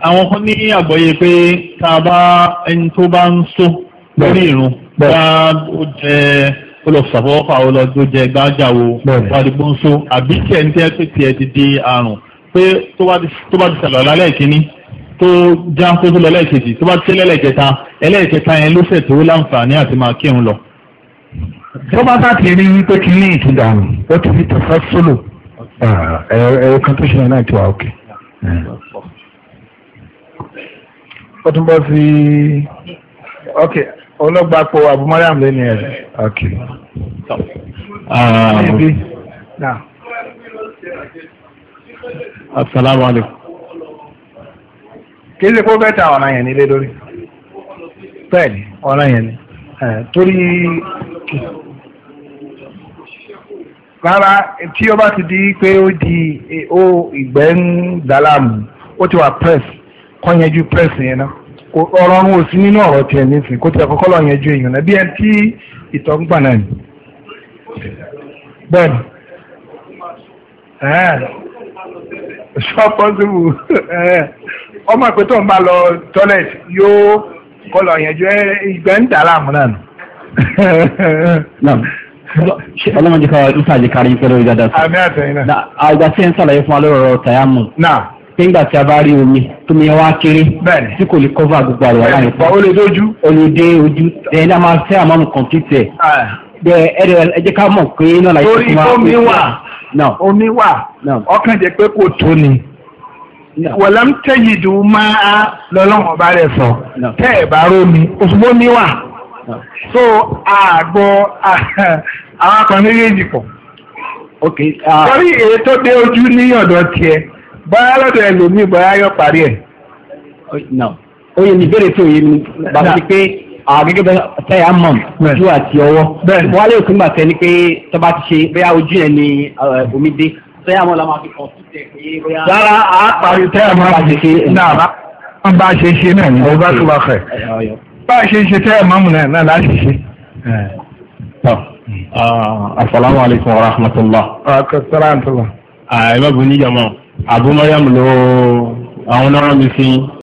S2: àwọn kan ní àgbọ́yé pé tá a bá ẹni tó bá ń sọ lórí ìrun bá ó jẹ ó lọ jẹ gbájà o ń sọ àbí tiẹ̀ ń tẹ́ pé ti di àrùn pé tó bá ti sàlọ̀ lálẹ́ ìkíní tó já kó tó lọ lẹ́ẹ̀kejì tó bá ti lẹ́ẹ̀kẹta ẹlẹ́ẹ̀kẹta yẹn ló fẹ̀ tó láǹfààní àti máa kírun lọ. tó bá bá ti rí wípé kí ní ìtúndàmù ó ti fi tẹ̀sán sólò ẹ̀rọ
S1: kan tó ṣe náà ti wà òkè. ó tún bọ́ sí ok ọlọ́gbàpọ̀ abumariam lẹ́nu ẹ̀ ok.
S2: asalaamualeykum
S1: kì í ṣe pé ó fẹ́ ta ọ̀ràn yẹn nílé lórí bẹ́ẹ̀ ni ọ̀ràn yẹn ni torí rárá tí ó bá ti di pé ó di ó ìgbẹ́ ń dàlámù ó ti wà press kọ́ yanjú press yẹn náà ọ̀rọ̀ ọ̀run ò sí nínú ọ̀rọ̀ tiẹ̀ nísìnyí kó tiẹ̀ kọ́kọ́ lọ yanjú èèyàn náà bí ẹni tí ìtọ̀ ń gbà náà ni bẹ́ẹ̀ni ṣọ́ọ́ possible. ọmọ pé tó lọ toilet yóò kọ́ lọ yẹn jẹ́ ìgbẹ́ ń dà láàmú náà nù. ọlọ́mọdé kan ìfà lè kárí pẹ̀lú ìdá dáadáa. àmì àtẹ̀yìn náà. àgbà tí ẹ ń sàlàyé fún wa lórí omi wá kéré. tí kò lè ó lè ó lè dé ojú. máa fẹ́ àmọ́ ẹ wa. torí omi wà omi wà ọkàn pé kò ni. wọ̀lám tẹ́yìdù máa lọ́lọ́wọ́n bá rẹ̀ sọ tẹ́ ẹ̀ bá rómi òṣùgbọ́n mi wà so àgbọ̀ àwọn kan méjèèjì pọ̀. sọ́rí èyí tó dé ojú ní ọ̀dọ̀ tiẹ̀ báyá lọ́dọ̀ ẹlòmíì báyá yọ parí ẹ̀. ó yẹ ní ìbéèrè tó yẹ mi bàbá ti pé gẹ́gẹ́ bẹ́ẹ̀ tẹ́yà mọ̀ ojú àti ọwọ́ wọ́n á lè òkú
S2: gbà tẹ́ ni pé tọ́ba ti ṣe bẹ́ẹ̀ ojú ẹ̀ ni omi dé tẹ́yàmọ́ la máa fi kàn sí
S1: tẹ̀ pé bóyá. rárá a parí tẹ́yàmọ́ la máa fi ṣe. náà
S2: wọ́n
S1: bá a ṣe ṣe náà ní ọba tó bá fẹ́. bá a ṣe ṣe tẹ́yàmọ́ mu náà náà láti ṣe.
S2: asalaamu alaykum wa rahmatulah. akasara antala. ẹ bá bu ní jama abu mariam ló àwọn náà mi fi.